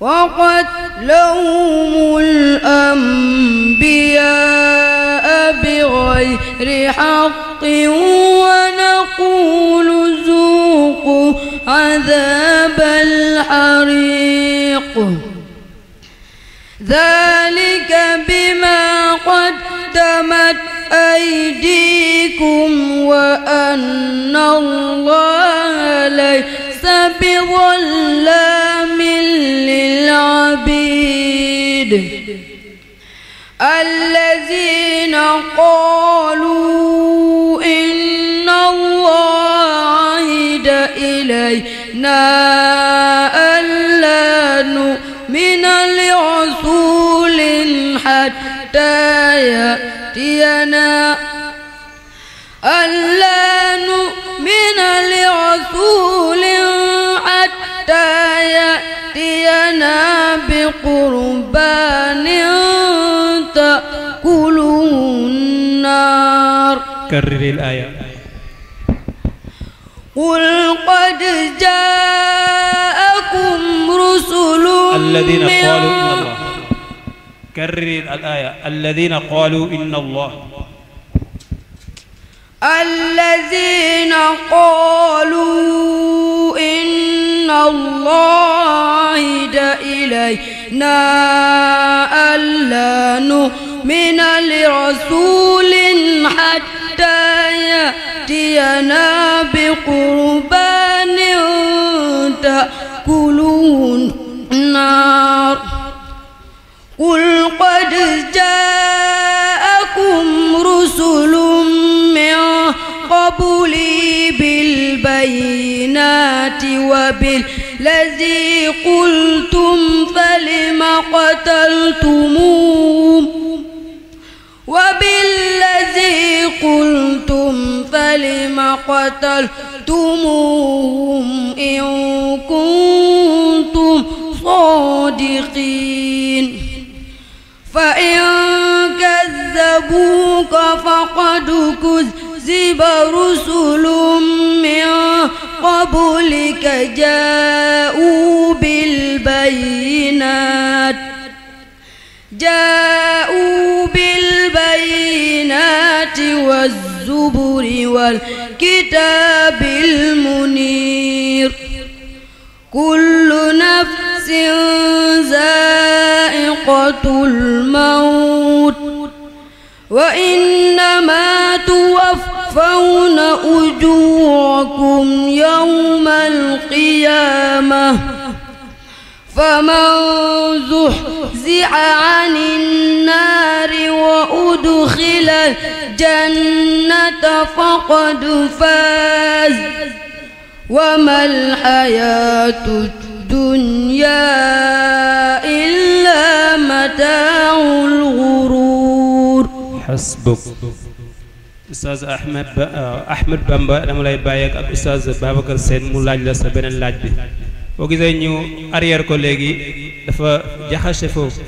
وقتلهم الأنبياء بغير حق ونقول ذوقوا عذاب الحريق ذلك بما قدمت أيديكم وأن الله ليس بظلام للعبيد الذين قالوا ألا نؤمن لرسول حتى يأتينا ألا نؤمن لرسول حتى يأتينا بقربان تأكله النار كرر الآية قل قد جاءكم رسل الذين قالوا إن الله كرر الآية الذين قالوا إن الله الذين قالوا إن الله دا إلينا ألا نؤمن لرسول حتى يأتي يأتينا بقربان تأكله النار قل قد جاءكم رسل من قبلي بالبينات وبالذي قلتم فلم قتلتموهم وبال قلتم فلم قتلتموهم إن كنتم صادقين فإن كذبوك فقد كذب رسل من قبلك جاءوا بالبينات جاءوا والزبر والكتاب المنير كل نفس ذائقة الموت وإنما توفون أجوركم يوم القيامة فمن زحزح عن النار وأدخل الجنة فقد فاز وما الحياة الدنيا إلا متاع الغرور حسبك Oustaz Ahmed Ahmed Bamba dama lay bàyyi ak Oustaz Babacar Sène mu laaj la sa beneen laaj bi boo gisee ñu arrière ko léegi dafa jaxase foofu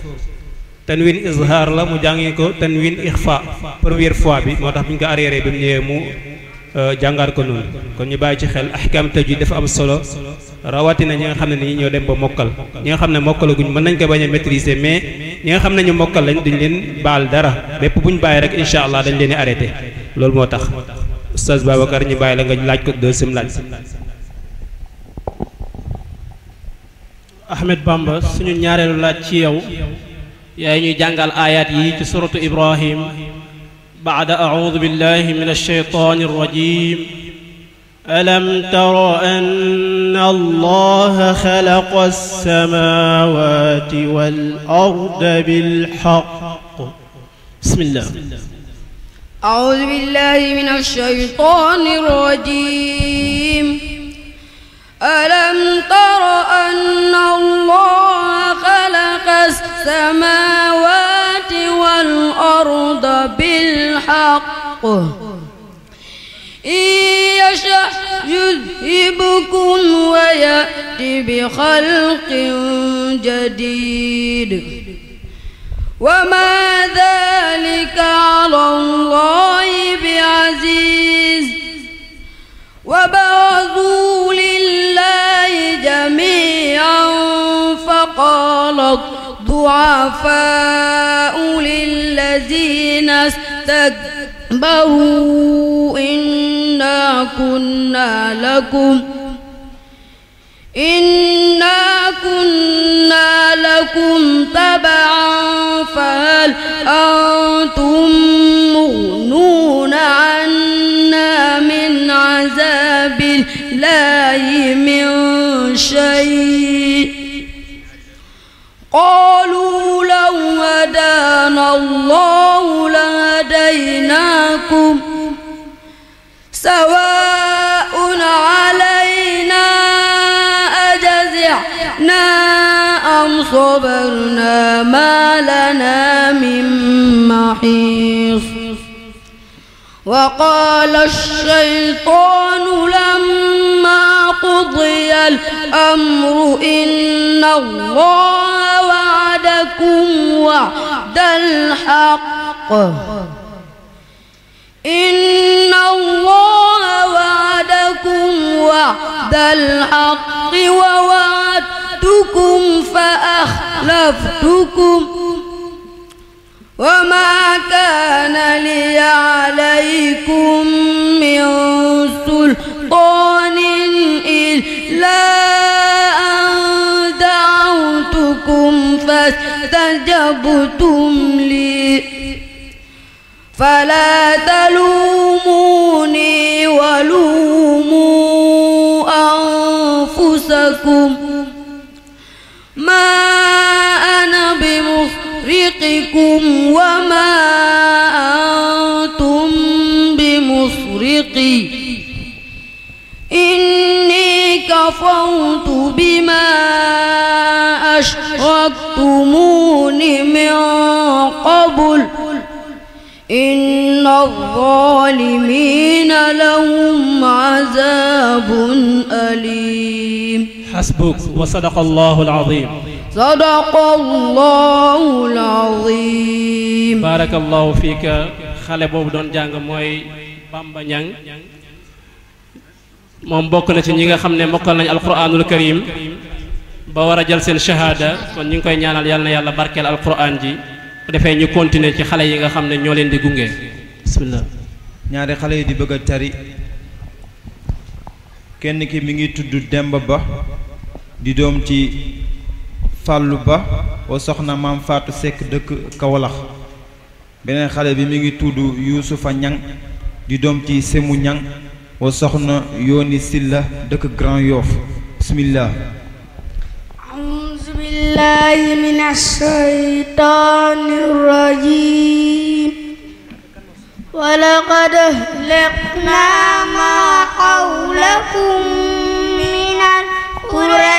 tanwin izhar la mu jàngi ko tanwin ixfa première fois bi moo tax bu ñu ko arrière bi mu ñëwee mu euh, jàngaat ko noonu kon ñu bàyyi ci xel ahkam tajwid dafa am solo rawatina ñi nga xam ne nii ñoo dem ba mokkal ñi nga xam ne mokkalaguñ mën nañ ko bañ a mais ñi nga xam ne ñu mokkal lañ duñ leen baal dara bépp bu ñu bàyyi rek incha allah dañ leen di arrêté loolu moo tax oustaz Babacar ñu bàyyi la nga laaj ko deuxième Ahmed Bamba suñu ñaareelu laaj ci yow yaay ñuy jàngal aayaat yi ci suratu Ibrahim baada audu billahi min alsheytaani alrajim alam tara anna allaha xalaqa alsamawati wal arda bilxaq bismillah audu billahi min alsheytaani alrajim ألم تر أن الله خلق السماوات والأرض بالحق إن يشأ يذهبكم ويأتي بخلق جديد وما ذلك على الله بعزيز الضعفاء للذين استكبروا إنا كنا لكم إنا كنا لكم تبعا فهل أنتم مغنون عنا من عذاب الله من شيء قالوا لو هدانا الله لهديناكم سواء علينا أجزعنا أم صبرنا ما لنا من محيص وقال الشيطان لما قضي الأمر إن الله وعدكم وعد الحق إن الله وعدكم وعد الحق ووعدتكم فأخلفتكم وما كان لي عليكم من سلطان إلى أن دعوتكم فاستجبتم لي فلا تلوموني ولوموا أنفسكم ما أنا بمصرخكم وما أنتم بمصرخي إن كفرت بما أشركتمون من قبل إن الظالمين لهم عذاب أليم حسبك وصدق الله العظيم صدق الله العظيم بارك الله فيك خالي بوب دون جانغ موي بامبا moom bokk na ci ñi nga xam ne mokkal nañ alquranul karim ba war a jël seen shahada kon ñi ngi koy ñaanal yàlla na yàlla barkeel alquran ji bu defee ñu continuer ci xale yi nga xam ne ñoo leen di gunge bismillah ñaari xale yi di bëgg a tari kenn ki mi ngi tudd Demba Ba di doom ci Fàllu Ba wa soxna maam Faatu Sekk dëkk Kawlax beneen xale bi mi ngi tudd Yuusufa Ñang di doom ci Semu Ñang wa soxna yooni silla dëkk Grand Yoff bismillah auzu billahi minash shaytanir rajim wa laqad ahlakna ma qawlakum minal qura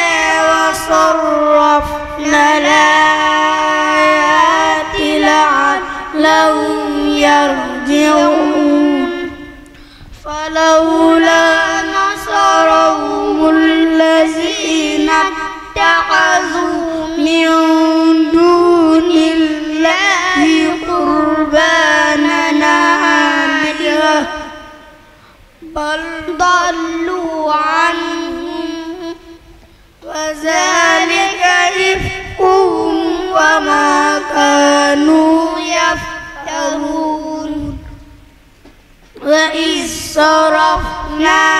wa sarrafna laayati la'allahum yarji'un ولولا نصرهم الذين اتخذوا من دون الله قربانا آلهة بل ضلوا عنهم وذلك إفكهم وما كانوا يفعلون وإذ صرفنا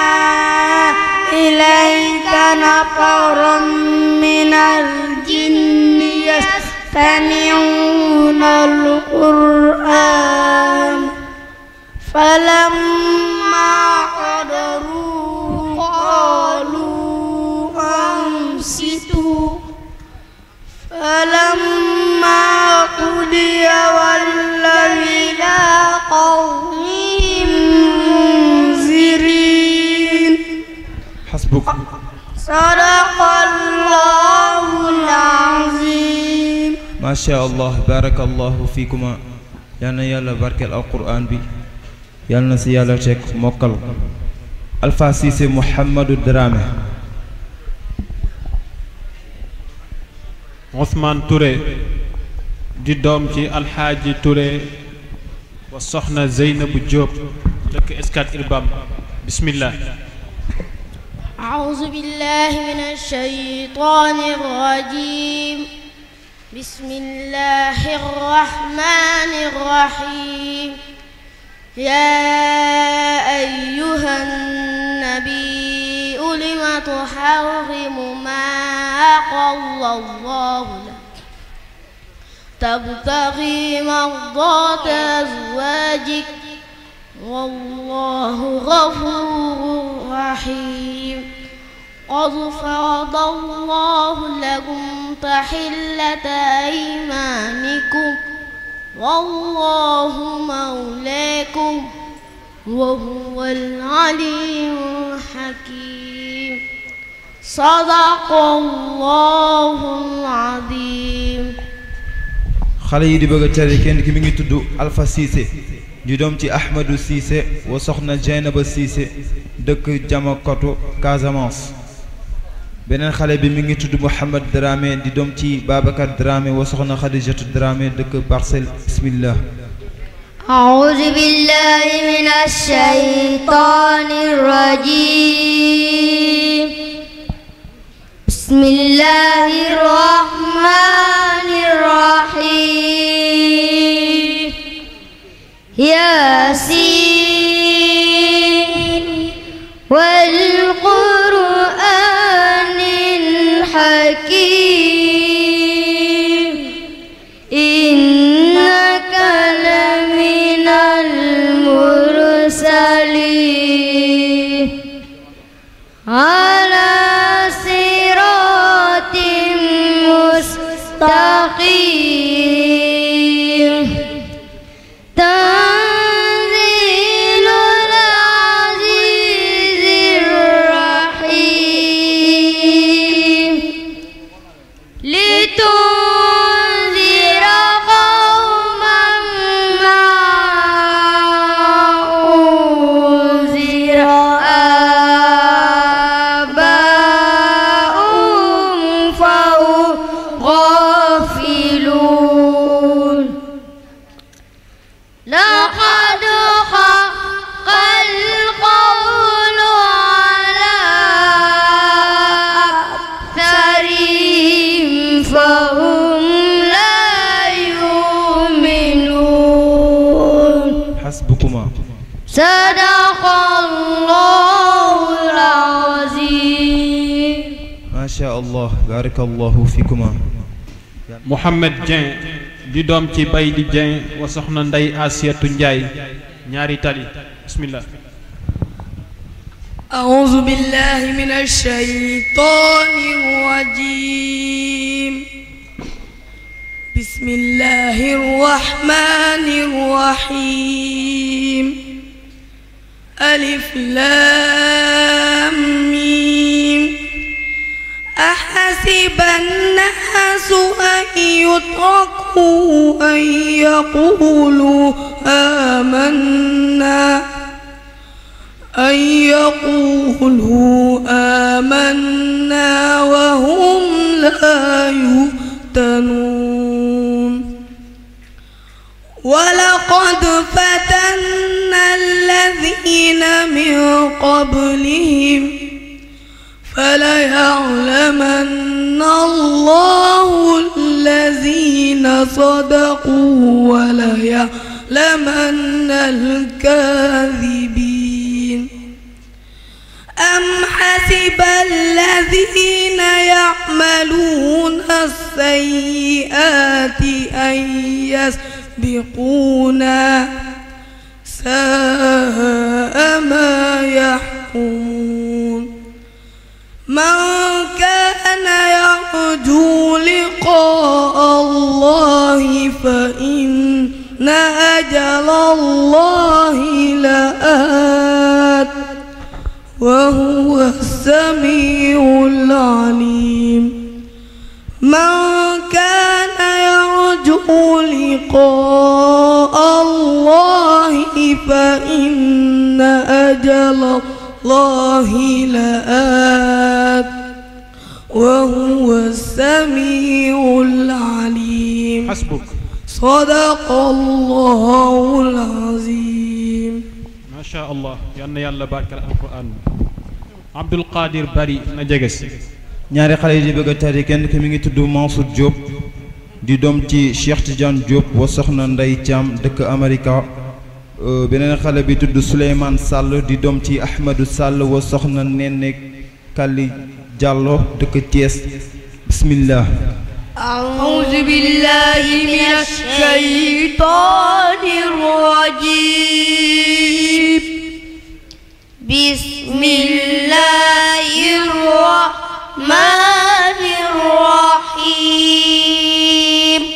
إليك نفرا من الجن يستمعون القرآن فلما قدروا قالوا أنصتوا فلما قضي والذي لا قومي sadaqallaahul aziim macha allah barakallahu fiikuma yal na yàlla barkeel alquraan bi yal na si yàlla teg mokkal Alpha Cissé Mouhamadou Dramé soxna Zeynabu Diop dëkk Scat Urbam bismillah أعوذ بالله من الشيطان الرجيم بسم الله الرحمن الرحيم يا أيها النبي لم تحرم ما أحل الله لك تبتغي مرضات أزواجك والله غفور رحيم قد فرض الله لكم تحلة أيمانكم والله مولاكم وهو العليم الحكيم صدق الله العظيم xale yi di bëgg a tere kenn ki mi ngi tudd Alpha Cissé di doom ci Ahmadou Cissé wa soxna Jeynaba Cissé dëkk Diamacoto Casamance beneen xale bi mu ngi tudd Mouhamed Dramé di doom ci Babacar Dramé wa soxna Khadijatu Dramé dëkk Parcelles bismillah أعوذ بالله من الشيطان الرجيم بسم 啊。barakallahu fikuma Mohamed Dieng di doom ci bay di Dieng wa soxna Ndey Asiyatu Njaay ñaari tali bismillah أعوذ بالله من الشيطان الرجيم بسم الله الرحمن الرحيم ألف لام يتركوا أن يقولوا آمنا أن يقولوا آمنا وهم لا يفتنون ولقد فتنا الذين من قبلهم فليعلمن الله الذين صدقوا وليعلمن الكاذبين أم حسب الذين يعملون السيئات أن يسبقونا ساء ما يحكمون من كان يرجو لقاء الله فإن أجل الله لآت وهو السميع العليم من كان يرجو لقاء الله فإن أجل الله لآت وهو السميع العليم حسبك صدق الله ñaari xale yi di bëgg tari kenn ki mi ngi tudd Mansour Diop di doom ci Cheikh Tidiane Diop wa soxna Ndey Thiam dëkk Amerika euh, beneen xale bi tudd Souleymane Sall di doom ci Ahmadou Sall wa soxna Nene Kali Diallo dëkk Thiès bismillah أعوذ بالله من الشيطان الرجيم بسم الله الرحمن الرحيم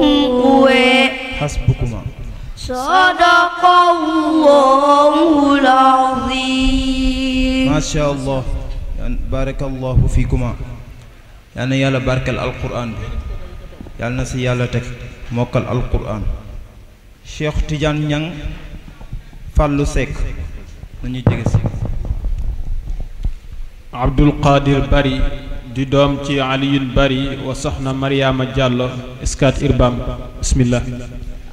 kuwe hasbukuma sadaqallahul allah barakallahu fikuma yal na yàlla barkal alquran bi yal na si yàlla teg mokkal alquran Cheikh Tidiane Niang Fallou Seck nañu jege si Abdul Qadir Bari di doom ci aliyun bari wa soxna maryaama jàllo iskat irbam bismillah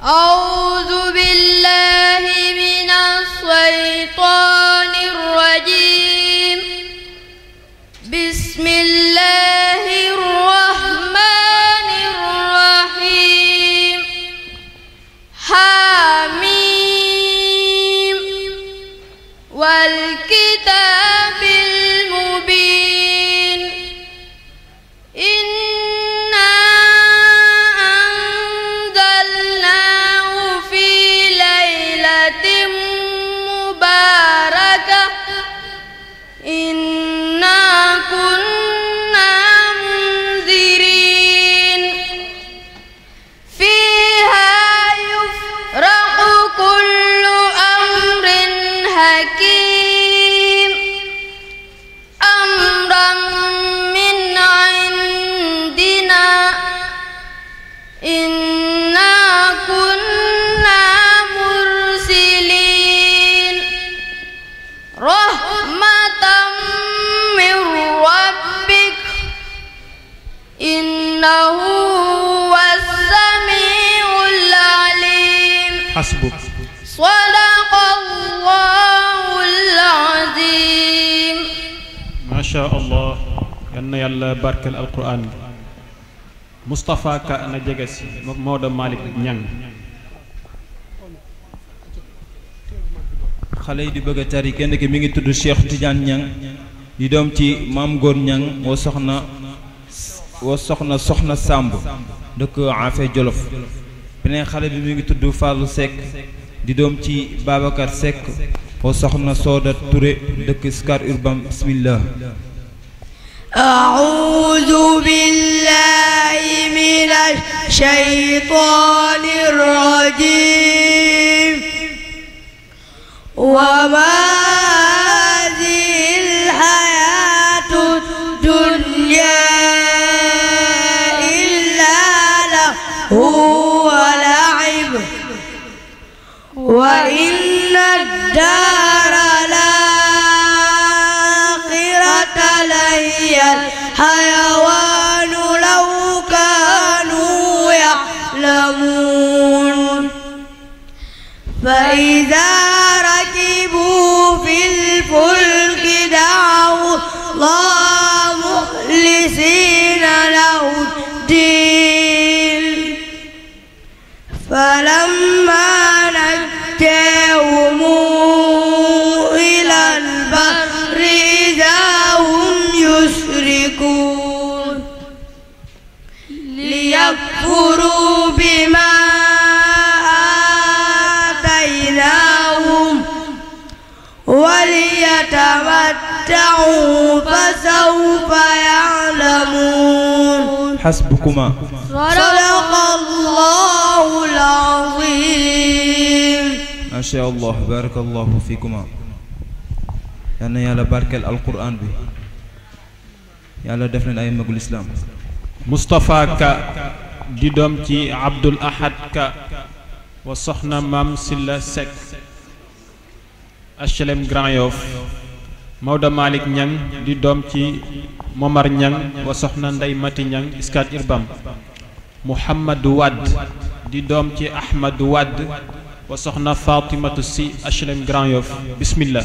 أعوذ بالله من الشيطان الرجيم بسم الله الرحمن yàlla barkeel alquran bi Moustapha Ka na xale yi di bëgg a tari kenn ki mi ngi tudd Cheikh Tidiane Niang di doom ci maam góor Niang woo soxna woo soxna soxna Samb dëkk Afe Jolof beneen xale bi mu ngi tudd Fallou Seck di doom ci Babacar Seck woo soxna Sooda Touré dëkk Scar Urbam bismillah أعوذ بالله من الشيطان الرجيم وما هذه الحياة الدنيا إلا له ولعب وإن الدار وإذا يتمتعوا فسوف يعلمون حسبكما صدق الله العظيم ما شاء الله بارك الله فيكما yal na yàlla barkeel alquran bi yàlla def leen ay magul islaam Moustapha Ka di doom ci Abdul Ahad Ka wa soxna Maam Silla Seck HLM Grand Yoff Maodo Malick Niang di doom ci Momar Niang wa soxna Ndey Mati Niang Scat Urbam Mouhamadou di doom ci Ahmadou Wade wa soxna Fatimatu Sy HLM Grand bismillah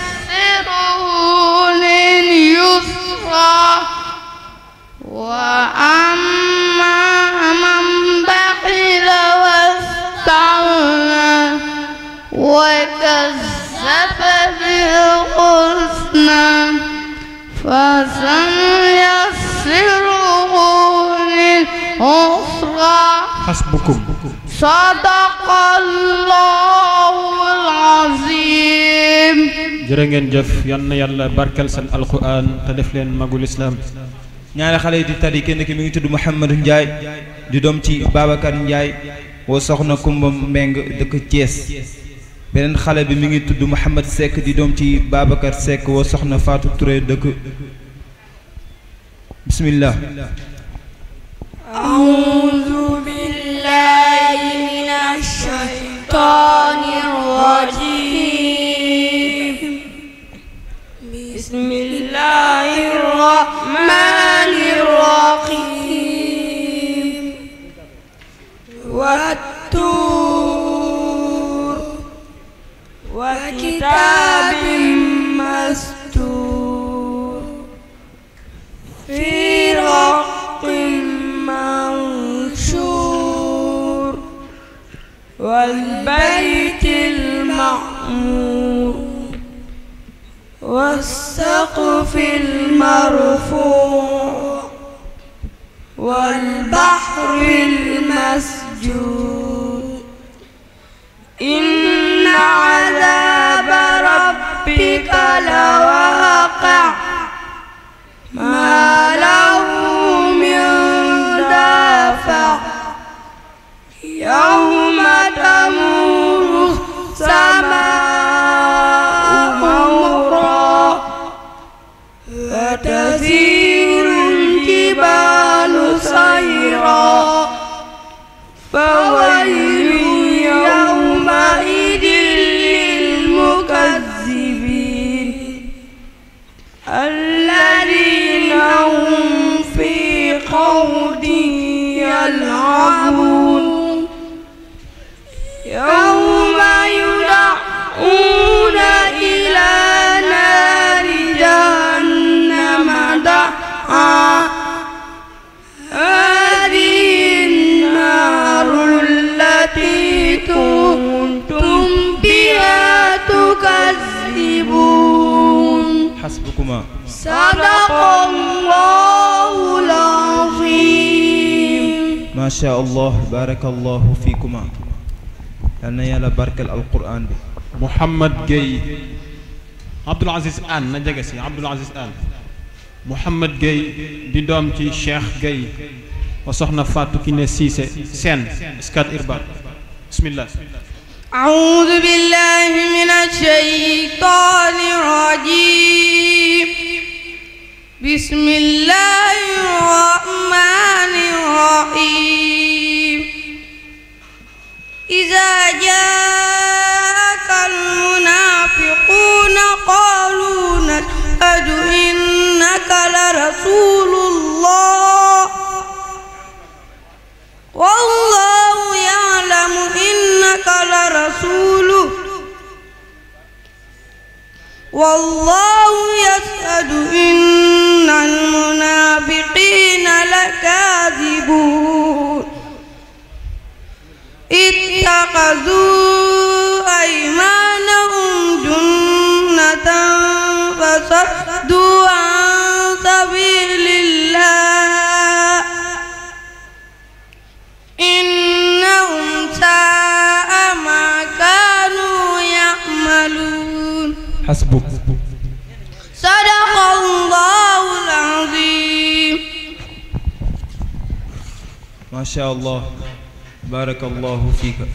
عقول يسرا وأما من بخل واستغنى وكذب بالحسنى فسنيسره للعسرى حسبكم صدق الله العظيم jërë ngeen jëf yan na yàlla barkeel seen alquran te def leen magul islaam ñaari xale yi di tari kenn ki mi ngi tudd Mouhamadou Ndiaye di doom ci Babacar Ndiaye woo soxna Kumba Mbeng dëkk Thiès beneen xale bi mi ngi tudd Mouhamad Seck di doom ci Babacar Seck woo soxna faatu Touré dëkk bismillah أعوذ بسم الله الرحمن الرحيم والتور وكتاب مستور في رق منشور والبيت المعمور والسقف المرفوع والبحر المسجود إن عذاب ربك لواقع ما له من دافع يوم تمور السماء ta yàlla barkeel alquran bi Mouhamad Gueye Abdoul Aziz Anne na jege si Abdoul Aziz Anne Mouhamad Gueye di doom ci Cheikh Gueye wa soxna Fatou Kiné Cissé Sène Scat Urbam bismillah أعوذ بالله من الشيطان الرجيم بسم الله الرحمن الرحيم إذا جاءك المنافقون قالوا نشهد إنك لرسول الله والله يعلم إنك لرسوله والله يشهد إن المنافقين لكاذبون اتخذوا أيمانهم جنة فصدوا عن سبيل الله إنهم ساء ما كانوا يعملون حسبك صدق الله العظيم ما شاء الله baarakallahu fiika